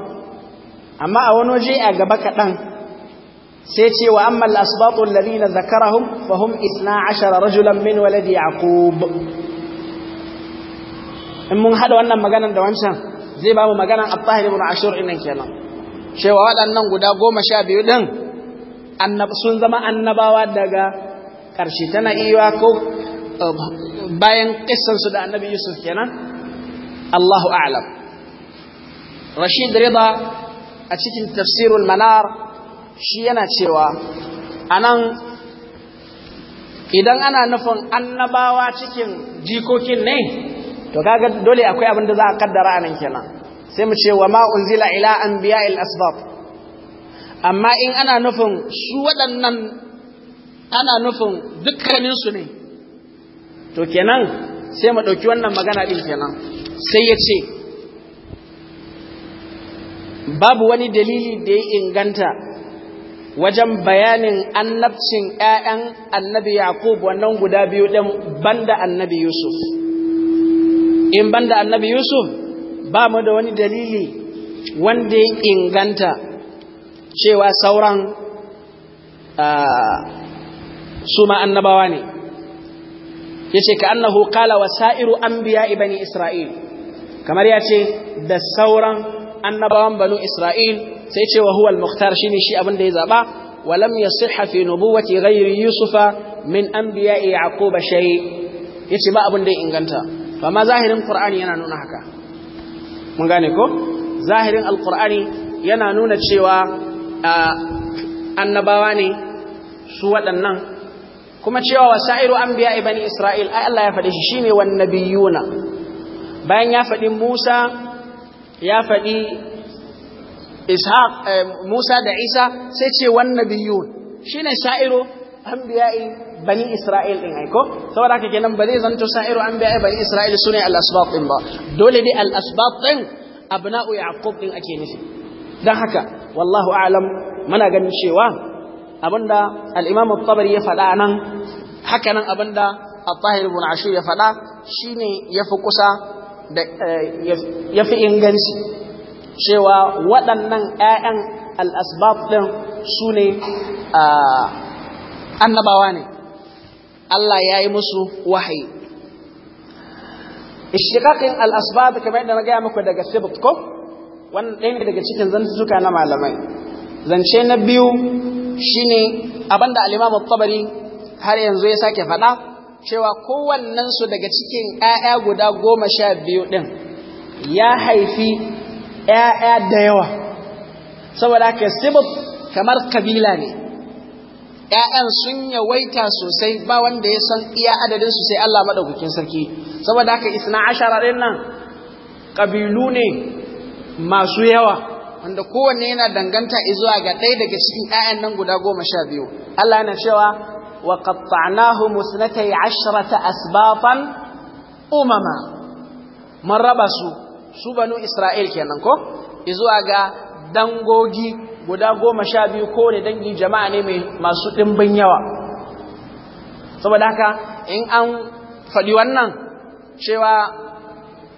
amma a wani waje a gaba kaɗan sai ce wa lari na zakara hun fahim isna ashara rajulan min waladi yaqub in mun haɗa wannan maganan da wancan zai ba mu maganan abtahir ibn ashur inan kenan cewa waɗannan guda goma sha biyu ɗin sun zama annabawa daga ƙarshe tana iya ko eh, bayan su da annabi yusuf kenan allahu a'lam rashid rida a cikin tafsirul manar shi yana cewa anan idan ana nufin annabawa cikin jikokin ne to kaga dole akwai abin da za a kaddara anan kenan sai mu ce wa ma unzila ila il asbab amma in ana nufin su waɗannan ana nufin dukkaninsu ne to kenan sai mu ɗauki wannan magana ɗin kenan sai ya ce babu wani dalili da ya inganta wajen bayanin annabcin ‘ya'yan annabi Yaqub wannan guda biyu ɗin banda annabi Yusuf. In banda annabi Yusuf ba mu da wani dalili wanda ya inganta cewa sauran ah, su ma annabawa ne yace ka annahu qala wa sa'iru an anbiya bani isra'il kamar ya ce da sauran annabawan banu isra'il sai ce wa huwal al shi shine shi abin da ya zaba wa lam yasihha fi nubuwati ghairi yusufa min anbiya yaqub shay yace ba abin da ya inganta ma zahirin qur'ani yana nuna haka mun gane ko zahirin alqur'ani yana nuna cewa annabawa ne su waɗannan kuma cewa wasa'iru anbiya bani isra'il ai Allah ya faɗi shi shine wan nabiyuna bayan ya faɗi Musa ya faɗi Ishaq eh, Musa da Isa sai ce wan nabiyun shine sa'iru anbiya bani isra'il din aiko. saboda haka kenan ba zai zanto sa'iru anbiya bani isra'il sune al-asbab din ba dole dai al-asbab din abna'u yaqub din ake nufi dan haka wallahu a'lam muna ganin cewa abinda al'imamu tabari ya faɗa nan haka nan abin da al-tahir ibn ashur ya faɗa shine yafi kusa da eh, yafi inganci cewa waɗannan ƴaƴan al-asbab din su ne ah, annabawa ne Allah ya yi musu wahayi Ishtiƙaƙin al'asbab kamar da na gaya muku daga Sibt ko? Wannan ɗaya ne daga cikin zantuka na malamai. Zance na biyu shine ne abin da al'imamu tabari har yanzu ya sake faɗa cewa kowannensu daga cikin ‘ya'ya guda goma sha biyu ɗin ya haifi ‘ya'ya da yawa saboda haka sibu kamar kabila ne ‘ya'yan sun yawaita sosai ba wanda ya san iya adadinsu sai Allah maɗaukakin sarki saboda haka isna ashara ɗin nan ƙabilu ne masu yawa wanda kowanne yana danganta izuwa ga ɗaya daga cikin ‘ya'yan nan guda goma sha biyu. Allah yana cewa وقطعناه مسنتي عشرة أسباطا أمما من ربسوا su su banu Isra'il kenan ko, zuwa ga dangogi guda goma sha biyu kowane dangin jama'a ne mai masu ɗimbin yawa. Saboda haka, in an faɗi wannan cewa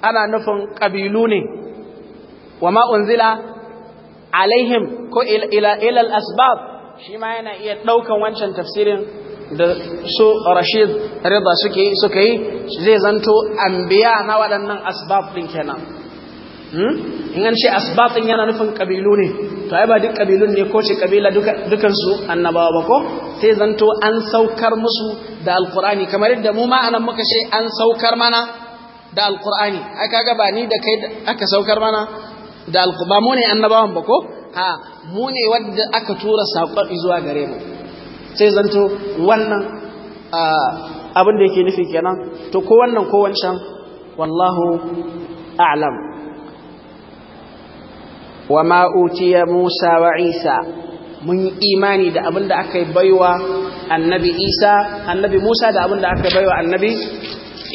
ana nufin ƙabilu ne, wa ma'unzila alaihim ko ilal asbab shima yana iya ɗaukan wancan tafsirin da su rashid rida suke suka yi zai zanto anbiya na waɗannan asbab ɗin kenan hmm? in an ce asbab ɗin yana nufin ƙabilu ne to ai ba duk ƙabilun ne ko ce ƙabila dukansu annabawa ba ko sai zanto an saukar musu da alƙur'ani kamar yadda mu ma'anan muka ce an saukar mana da alƙur'ani ai kaga ba ni da kai aka saukar mana da alƙur'ani ba mu ne annabawan ba ko ha mu ne wanda aka tura saƙon zuwa gare mu sai zanto wannan abin da yake nufi kenan to ko wannan ko wancan wallahu a'lam wa ma utiya Musa wa Isa mun yi imani da abin da aka yi baiwa annabi Isa annabi Musa da abin da aka yi baiwa annabi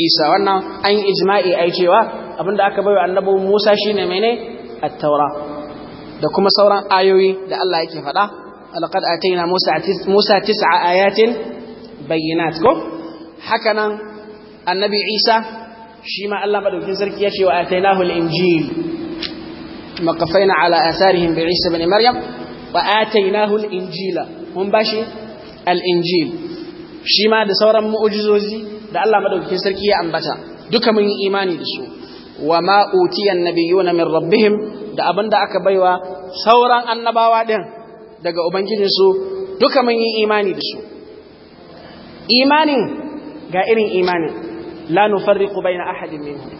Isa wannan an yi ijma'i ai cewa abin da aka baiwa annabi Musa shine mene at-taura da kuma sauran ayoyi da Allah yake faɗa laqad atayna musa musa tis'a ayatin bayyinat ko haka nan annabi isa shi ma Allah maɗaukin sarki ya ce wa na al-injil maqafaina ala atharihim bai isa bane maryam wa ataynahu al-injila mun bashi al-injil shi ma da sauran mu'ujizozi da Allah maɗaukin sarki ya ambata duka mun yi imani da su wa ma'utiyan nabiyuna min rabbihim da da aka baiwa sauran annabawa ɗin? daga ubangijinsu duka mun yi imani da su imanin ga irin imanin la nufarriqu baina ahadin minhum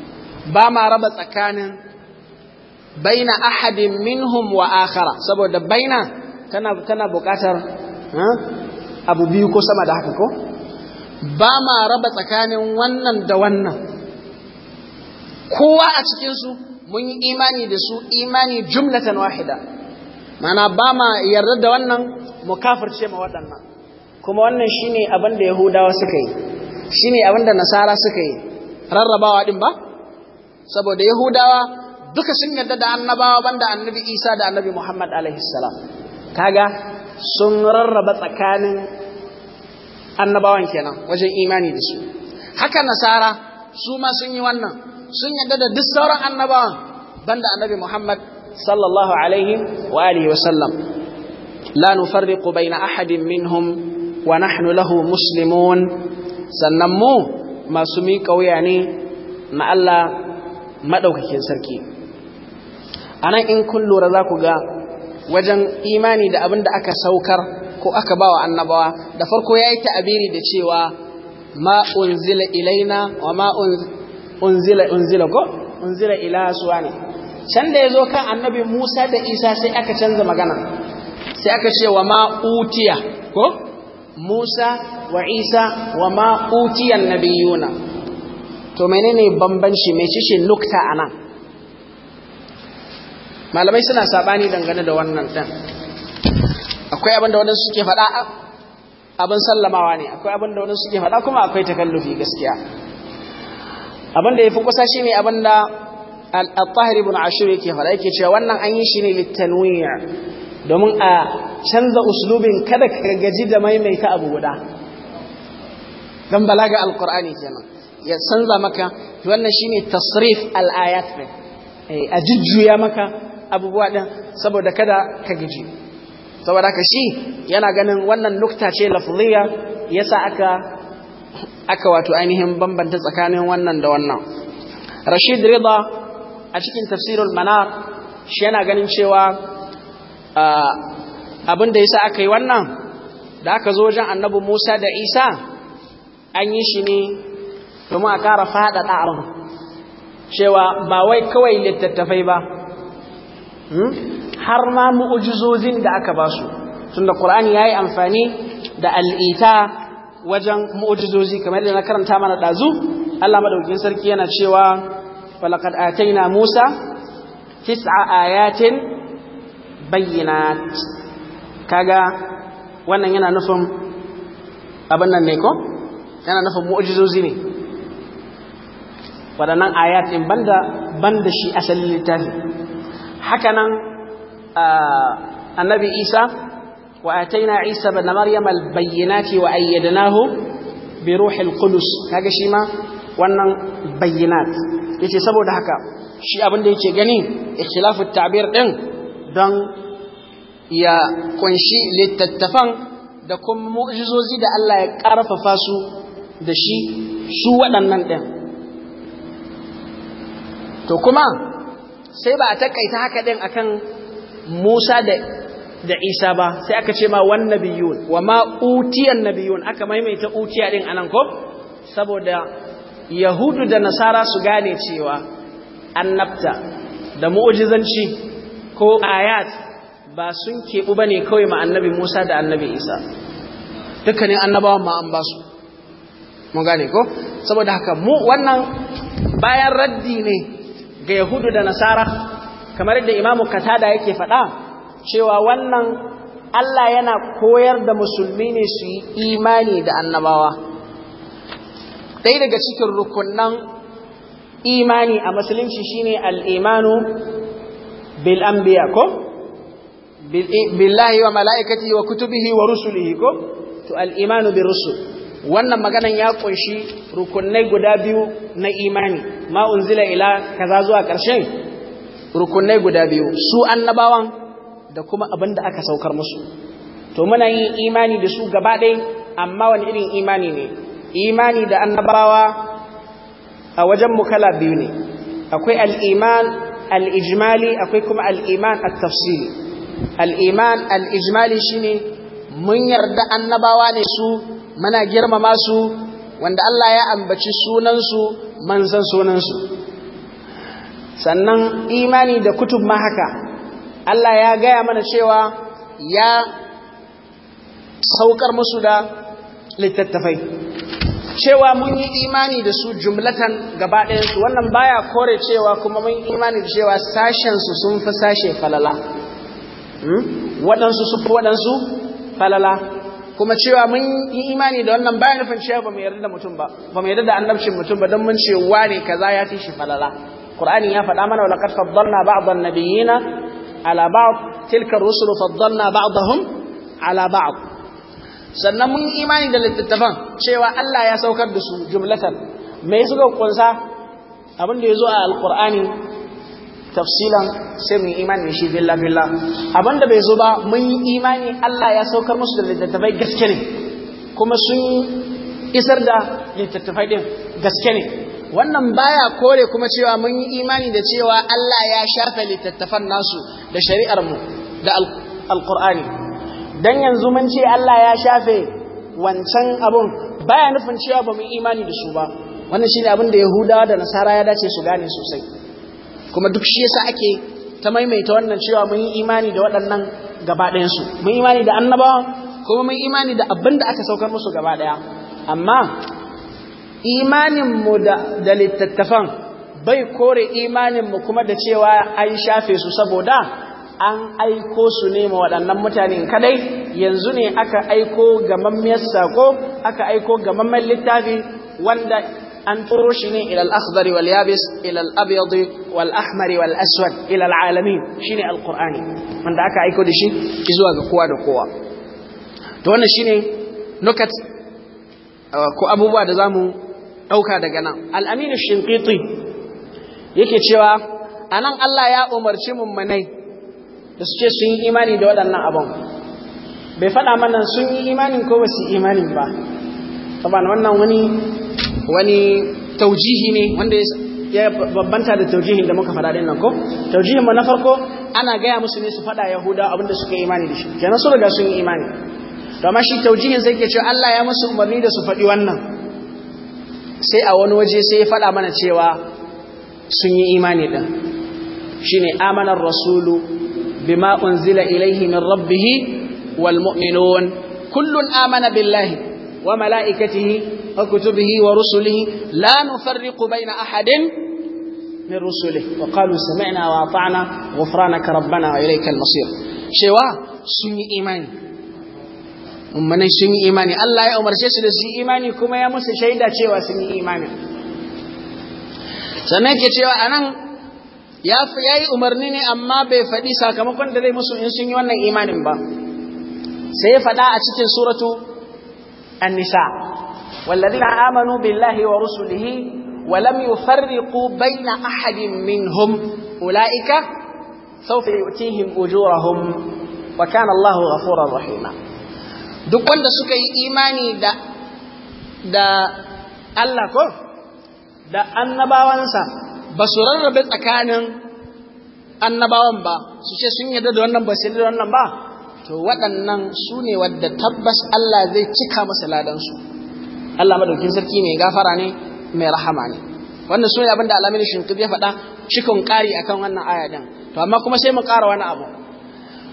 ba ma raba tsakanin baina ahadin minhum wa akhara saboda baina kana kana buƙatar abu biyu ko sama da haka ko ba ma raba tsakanin wannan da wannan kowa a cikinsu mun yi imani da su imani jumlatan wahida mana ba ma yarda da wannan mu kafirce ma waɗannan kuma wannan shine abin da yahudawa suka yi shine abin da nasara suka yi rarrabawa din ba saboda yahudawa duka sun yarda da annabawa banda annabi isa da annabi muhammad alaihi salam kaga sun rarraba tsakanin annabawan kenan wajen imani da su haka nasara su ma sun yi wannan sun yarda da duk sauran annabawan banda annabi muhammad sallallahu alaihi wa alihi wasallam la nufarriqu baina ahadin minhum wa nahnu lahu muslimun sannan mu masu miƙa wuya ne na Allah madaukakin sarki anan in kun lura za ku ga wajen imani da abin da aka saukar ko aka bawa annabawa da farko ya yi ta'abiri da cewa ma unzila ilaina wa ma unzila unzila ko unzila ila suwa can da ya zo kan annabi Musa da Isa sai aka canza magana sai aka ce wa ma'utiya ko Musa wa Isa wa ma'utiyan nabiyuna to menene bambanci mai shi nukta anan malamai suna sabani dangane da wannan ɗan. akwai abin da wadansu suke faɗa abin sallamawa ne akwai abin da wadansu suke faɗa kuma akwai takallufi gaskiya abin da ya fi kusa shine abin da al-tahir ibn ashur yake fara yake cewa wannan an yi shi ne litanwiya domin a canza uslubin kada ka gaji da maimaita abu guda dan balaga al-qur'ani kenan ya canza maka wannan shine tasrif al-ayat ne eh, a jujjuya maka abubuwa din saboda kada ka gaji saboda ka shi yana ganin wannan nukta ce lafziya yasa aka aka wato ainihin bambanta tsakanin wannan da wannan Rashid Rida a cikin tafsirul manar shi yana ganin cewa abin da yasa aka yi wannan da aka zo wajen annabi Musa da Isa an yi shi ne domin a ƙara faɗaɗa ɗarin cewa ba wai kawai littattafai ba hmm? har ma mu'ujizozin da aka ba su tunda ya yi amfani da al'ita wajen mu'ujizozi kamar da na karanta mana ɗazu, Allah madaukin sarki yana cewa falaqad ataina Musa tis'a ayatin bayyinat kaga wannan yana nufin abin nan ne ko yana nufin mu'jizozi ne waɗannan ayatin ɗin banda banda shi asalin littafi haka nan annabi Isa wa ataina Isa ibn Maryam al-bayyinati wa ayyadnahu bi ruhil qudus kaga shi ma wannan bayyinat yace saboda haka shi abin da yake gani ikhtilafu ta'bir din don ya kunshi littattafan da kuma mu'jizozi da Allah ya karfafa su da shi su waɗannan din to kuma sai ba a takaita haka din akan Musa da da Isa ba sai aka ce ma wan nabiyun wa ma utiyan nabiyun aka maimaita utiya din anan ko saboda yahudu da nasara su gane cewa annabta da mu'ujizanci ko ayat ba sun keɓu ba ne kawai ma annabi musa da annabi isa dukkanin annabawan ma an ba su mun gane ko saboda haka mu wannan bayan raddi ne ga yahudu da nasara kamar yadda imamu katada yake faɗa cewa wannan allah yana koyar da musulmi ne su yi imani da annabawa ɗaya daga cikin rukunan imani a musulunci shine al'imanu bil anbiya ko billahi wa mala'ikati wa kutubihi wa rusulihi ko to al'imanu bil rusul wannan maganan ya kunshi rukunai guda biyu na imani ma unzila ila kaza zuwa ƙarshen rukunai guda biyu su annabawan da kuma abin da aka saukar musu to muna yin imani da su gaba ɗaya amma wani irin imani ne imani da annabawa a wajen kala biyu ne akwai al'iman al'ijimali akwai kuma al'iman al-tafsiri al'iman al'ijimali shi ne mun yarda annabawa ne su mana girmama su wanda Allah ya ambaci sunansu manzan sunansu sannan imani da kutub ma haka Allah ya gaya mana cewa ya saukar musu da littattafai cewa mun yi imani da su jumlatan gaba ɗayansu wannan baya kore cewa kuma mun imani da cewa sashensu sun fi sashe falala hmm? waɗansu su fi waɗansu falala kuma cewa mun yi imani da wannan baya nufin cewa ba mu yarda da mutum ba ba mu yarda da annabcin mutum ba don mun ce wane kaza ya fi shi falala qur'ani ya faɗa mana walaqad faddalna ba'd an-nabiyina ala ba'd tilka ar-rusulu faddalna ba'dahum ala ba'd sannan mun imani da littattafan cewa Allah ya saukar da su jumlatan me suka kunsa abin ya zo a alkur'ani tafsilan sai mun imani shi billa billa abinda bai zo ba mun yi imani Allah ya saukar musu da littattafai gaske ne kuma sun isar da littattafai din gaske ne wannan baya kore kuma cewa mun yi imani da cewa Allah ya shafe littattafan nasu da shari'ar mu da alkur'ani dan yanzu mun ce Allah ya shafe wancan abun baya nufin cewa ba mu imani da su ba wannan shine abin da Yahudawa da Nasara ya dace su gane sosai kuma duk shi yasa ake ta maimaita wannan cewa mun yi imani da waɗannan gaba ɗayan su mun imani da annabawa kuma mun imani da abin aka saukar musu gaba ɗaya amma imanin mu da, da littattafan bai kore imanin mu kuma da cewa an shafe su saboda an aiko su ne ma waɗannan mutane kadai yanzu ne aka aiko gamammiyar sako aka aiko gamammen littafi wanda an turo shi ne ilal akhdari wal yabis ilal abyad wal ahmari wal aswad ilal alamin shine alqur'ani wanda aka aiko da shi zuwa ga kowa da kowa to wannan shine nukat uh, ko abubuwa da zamu dauka daga nan al-amin ash-shinqiti yake cewa anan Allah ya umarci mun mummanai da su ce sun yi imani da waɗannan abin bai faɗa mana sun yi imanin ko ba su yi imanin ba taban wannan wani wani taujihi ne wanda ya babbanta da taujihin da muka faɗa nan ko taujihin mu na farko ana gaya musu ne su faɗa yahuda abinda suka yi imani da shi kenan su riga sun yi imani to amma shi taujihin sai ke cewa Allah ya musu umarni da su faɗi wannan sai a wani waje sai ya faɗa mana cewa sun yi imani ɗin shine ne amanar rasulu bima unzila ilaihi min rabbih wal mu'minun kullun amana billahi wa malaikatihi wa wa rusulihi la nufarriqu baina ahadin min rusulihi wa qalu sami'na wa ata'na ghufranaka rabbana sun yi imani ummanai sun yi imani Allah ya umarce su da su yi imani kuma ya musu shaida cewa sun yi imani sannan ke cewa anan ya yi umarni ne amma bai faɗi sakamakon da zai musu in sun yi wannan imanin ba sai ya faɗa a cikin suratu annisa. nisa amanu billahi wa rusulihi wa lam yufarriqu baina ahadin minhum ulaika sawfa yu'tihim ujurahum wa kana Allahu ghafurar rahima duk wanda suka yi imani da da Allah ko da annabawansa ba su rarrabe tsakanin annabawan ba su ce sun yarda da wannan ba su yarda da wannan ba to waɗannan su ne wadda tabbas Allah zai cika masa ladansu Allah madaukin sarki mai gafara ne mai rahama ne wannan su ne abin da alamin shinkir ya faɗa cikin ƙari akan wannan aya to amma kuma sai mu ƙara wani abu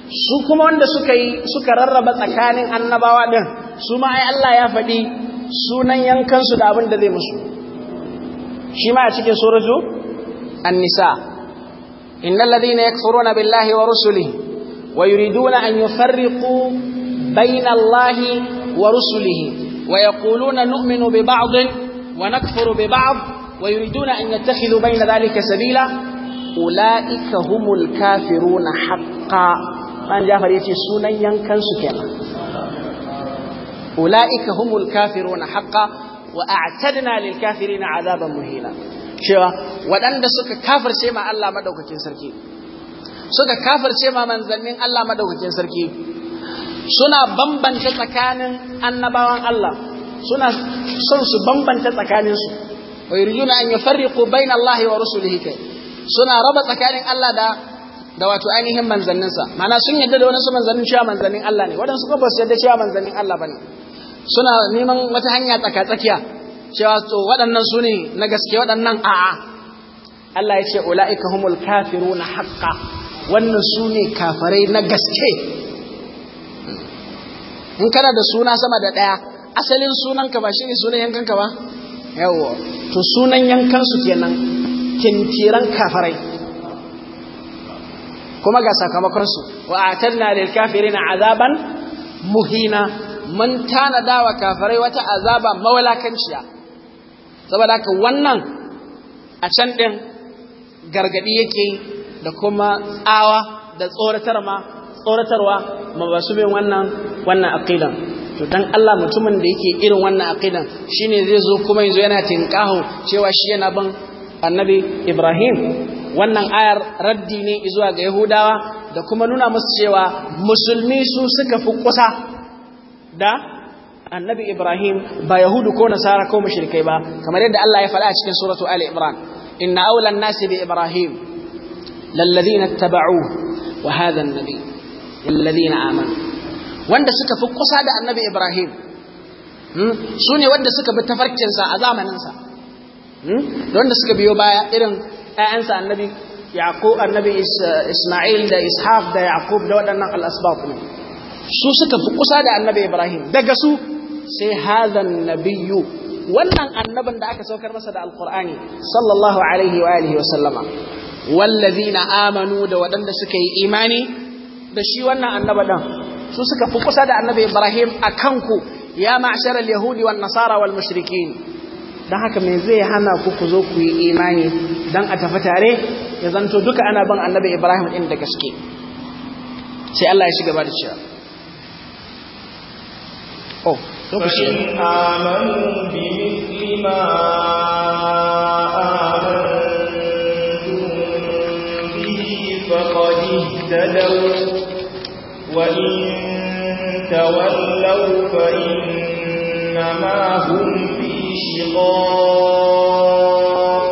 su kuma wanda suka yi suka rarraba tsakanin annabawa din su ma ai Allah ya faɗi sunan yankansu da abin da zai musu shi ma a cikin suratu النساء إن الذين يكفرون بالله ورسله ويريدون أن يفرقوا بين الله ورسله ويقولون نؤمن ببعض ونكفر ببعض ويريدون أن يتخذوا بين ذلك سبيلا أولئك هم الكافرون حقا من جافر يتي ينكن سكنا أولئك هم الكافرون حقا وأعتدنا للكافرين عذابا مهينا cewa waɗanda suka kafirce ma Allah madaukakin sarki suka kafirce ma manzannin Allah madaukakin sarki suna bambanta tsakanin annabawan Allah suna son su bambanta tsakanin su wa yurjuna an yufarriqu baina Allah wa rusulihi kai suna raba tsakanin Allah da da wato ainihin manzanninsa mana sun yadda da wadansu manzannin cewa manzannin Allah ne wadansu kuma ba su yadda cewa manzannin Allah bane suna neman wata hanya tsaka-tsakiya cewa to waɗannan su ne na gaske waɗannan a'a Allah ya ce ula'ika humul kafiru na haƙƙa wannan su ne kafarai na gaske in kana da suna sama da ɗaya asalin sunanka ba shi ne sunan yankan ka ba yawo to sunan yankansu kenan kintiran kafarai kuma ga sakamakonsu wa atanna lil kafirina azaban muhina mun tana dawa kafarai wata azaba mawalakanciya saboda haka wannan a can ɗin gargaɗi yake da kuma tsawa da tsoratarwa ma ba su bin wannan wannan aƙidan to dan Allah mutumin da yake irin wannan shi shine zai zo kuma yanzu yana tinkaho cewa shi yana ban annabi Ibrahim wannan ayar raddi ne zuwa ga Yahudawa da kuma nuna musu cewa musulmi su suka fi kusa da annabi Ibrahim ba Yahudu ko Nasara ko mushrikai ba kamar yadda Allah ya faɗa a cikin suratu Ali Imran inna awla nasi bi Ibrahim lalladhina ittaba'uhu wa hadha an-nabi walladhina amanu wanda suka fi kusa da annabi Ibrahim hmm, su ne wanda suka bi tafarkinsa a zamaninsa hmm, da wanda suka biyo baya irin ‘ya'yansa annabi Yaqub annabi Ismail da Ishaq da Yaqub da waɗannan al al'asbab ne su suka fi kusa da annabi Ibrahim daga su sai hadhan nabiyyu wannan annabin da aka saukar masa da alqur'ani sallallahu alaihi wa alihi wa sallama wallazina amanu da waɗanda suka yi imani da shi wannan annaba dan su suka fi kusa da annabi Ibrahim akan ku ya ma'shar al-yahudi wan nasara wal mushrikin dan haka me zai hana ku ku zo ku yi imani dan a tafi tare ya zanto duka ana bin annabi Ibrahim din da gaske sai Allah ya shiga ba da cewa oh فإن آمنوا بمثل ما آمنتم به فقد اهتدوا وإن تولوا فإنما هم في شقاق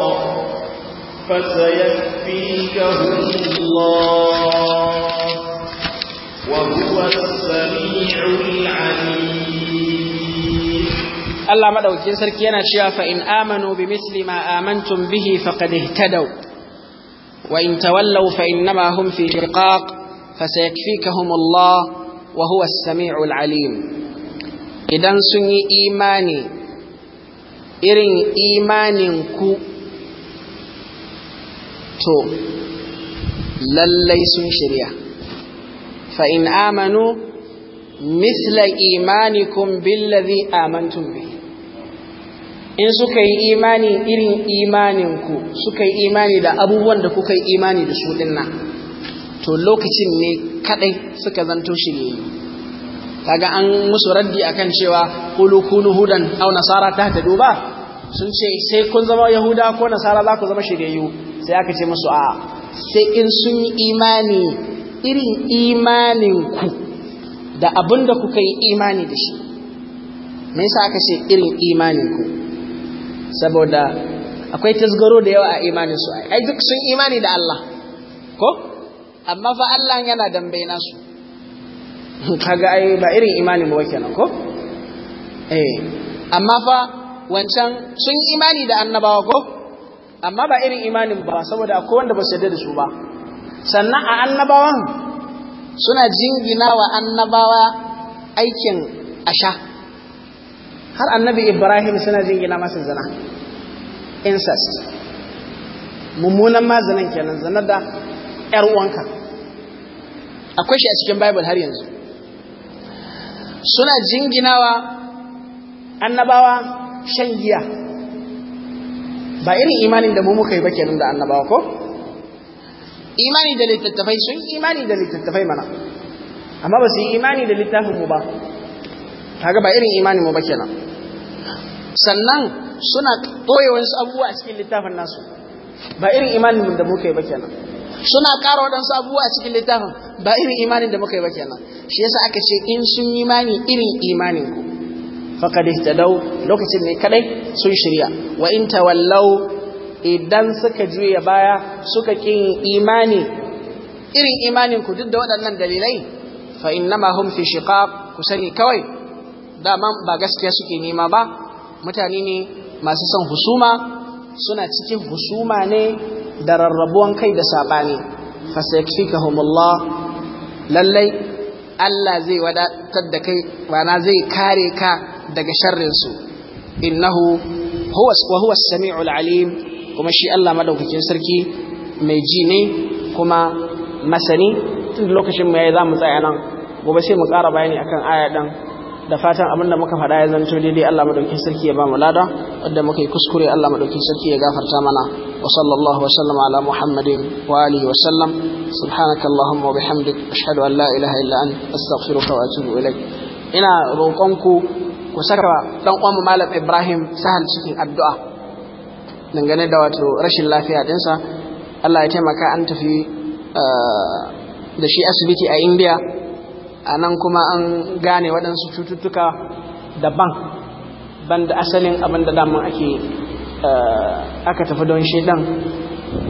فسيكفيكهم الله وهو السميع العليم Allah madaukakin sarki yana cewa fa in amanu bi misli ma amantum bihi faqad ihtadaw wa in tawallaw fa innama hum fi shiqaq fasayakfikahum Allah wa huwa as-sami'ul alim idan sun yi imani irin imanin ku to lallai sun shirya fa in amanu مثل إيمانكم بالذي آمنتم به in suka yi imani irin imaninku suka yi imani da abubuwan da kuka yi imani da su dinnan to lokacin ne kadai suka zanto shi ne kaga an musu raddi akan cewa kulu kulu hudan au nasara ta ta duba sun ce sai kun zama yahuda ko nasara za ku zama shiryayyu sai aka ce musu a sai in sun yi imani irin imaninku da abin da kuka yi imani da shi me yasa aka ce irin imaninku saboda akwai tasgaro da yawa a imanin su ai duk sun imani da Allah ko amma fa Allah yana dambe nasu kaga ai ba irin imani ba kenan ko eh amma fa wancan sun imani da annabawa ko amma ba irin imanin ba saboda akwai wanda ba su yarda da su ba sannan a annabawan suna jingina wa annabawa aikin asha har annabi ibrahim suna jingina masa zina incest mummunan mazinan kenan zanar da ‘yar uwanka akwai shi a cikin bible har yanzu suna jinginawa annabawa shan giya ba irin imanin da mu muka yi ba kenan da annabawa ko imani da littattafai sun imani da littattafai mana amma ba su yi imani da littafin mu ba kaga ba irin imani mu ba kenan sannan suna toye wasu abubuwa a cikin littafin nasu ba irin imanin mu da muka yi ba kenan suna ƙara waɗansu abubuwa a cikin littafin ba irin imanin da muka yi ba kenan shi yasa aka ce in sun yi imani irin imanin ku faqad ihtadaw lokacin ne kadai sun shirya wa in tawallaw idan suka juya baya suka kin imani irin imanin ku duk da waɗannan dalilai fa innama hum fi shiqaq ku sani kawai dama ba gaskiya suke nema ba mutane ne masu son husuma suna cikin husuma ne da rarrabuwan kai da saɓani humullah lallai Allah zai wadatar da kai rana zai kare ka daga sharrinsu innahu huwa wa huwa samiul alim kuma shi Allah madaukakin sarki mai ji ne kuma masani tun lokacin mu yayi za mu tsaya nan gobe sai mu ƙara bayani akan aya ɗan da fatan abin da muka faɗa ya zanto daidai Allah madaukakin sarki ya ba mu lada wanda muka yi kuskure Allah madaukakin sarki ya gafarta mana wa sallallahu wa sallam ala muhammadin wa alihi wa sallam subhanaka allahumma wa bihamdik ashhadu an la ilaha illa ant astaghfiruka wa atubu ilaik ina roƙon ku ku saka dan uwan malam Ibrahim sahal cikin addu'a dangane da wato rashin lafiya dinsa Allah ya taimaka an tafi eh, da shi asibiti a Indiya. a nan kuma an gane waɗansu cututtuka daban ban da asalin abin da daman ake eh, aka tafi don shi ɗan.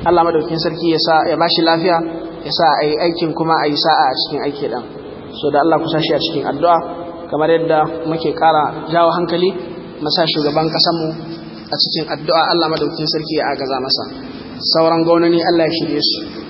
Allah madaukin sarki ya ba shi lafiya ya sa a yi aikin kuma a yi sa'a a cikin aiki ɗan so da Allah kusa shi a cikin addu'a kamar yadda muke ƙara jawo hankali masa shugaban ƙasanmu a cikin addu'a Allah madaukin sarki ya agaza masa sauran gwamnani Allah ya shirye su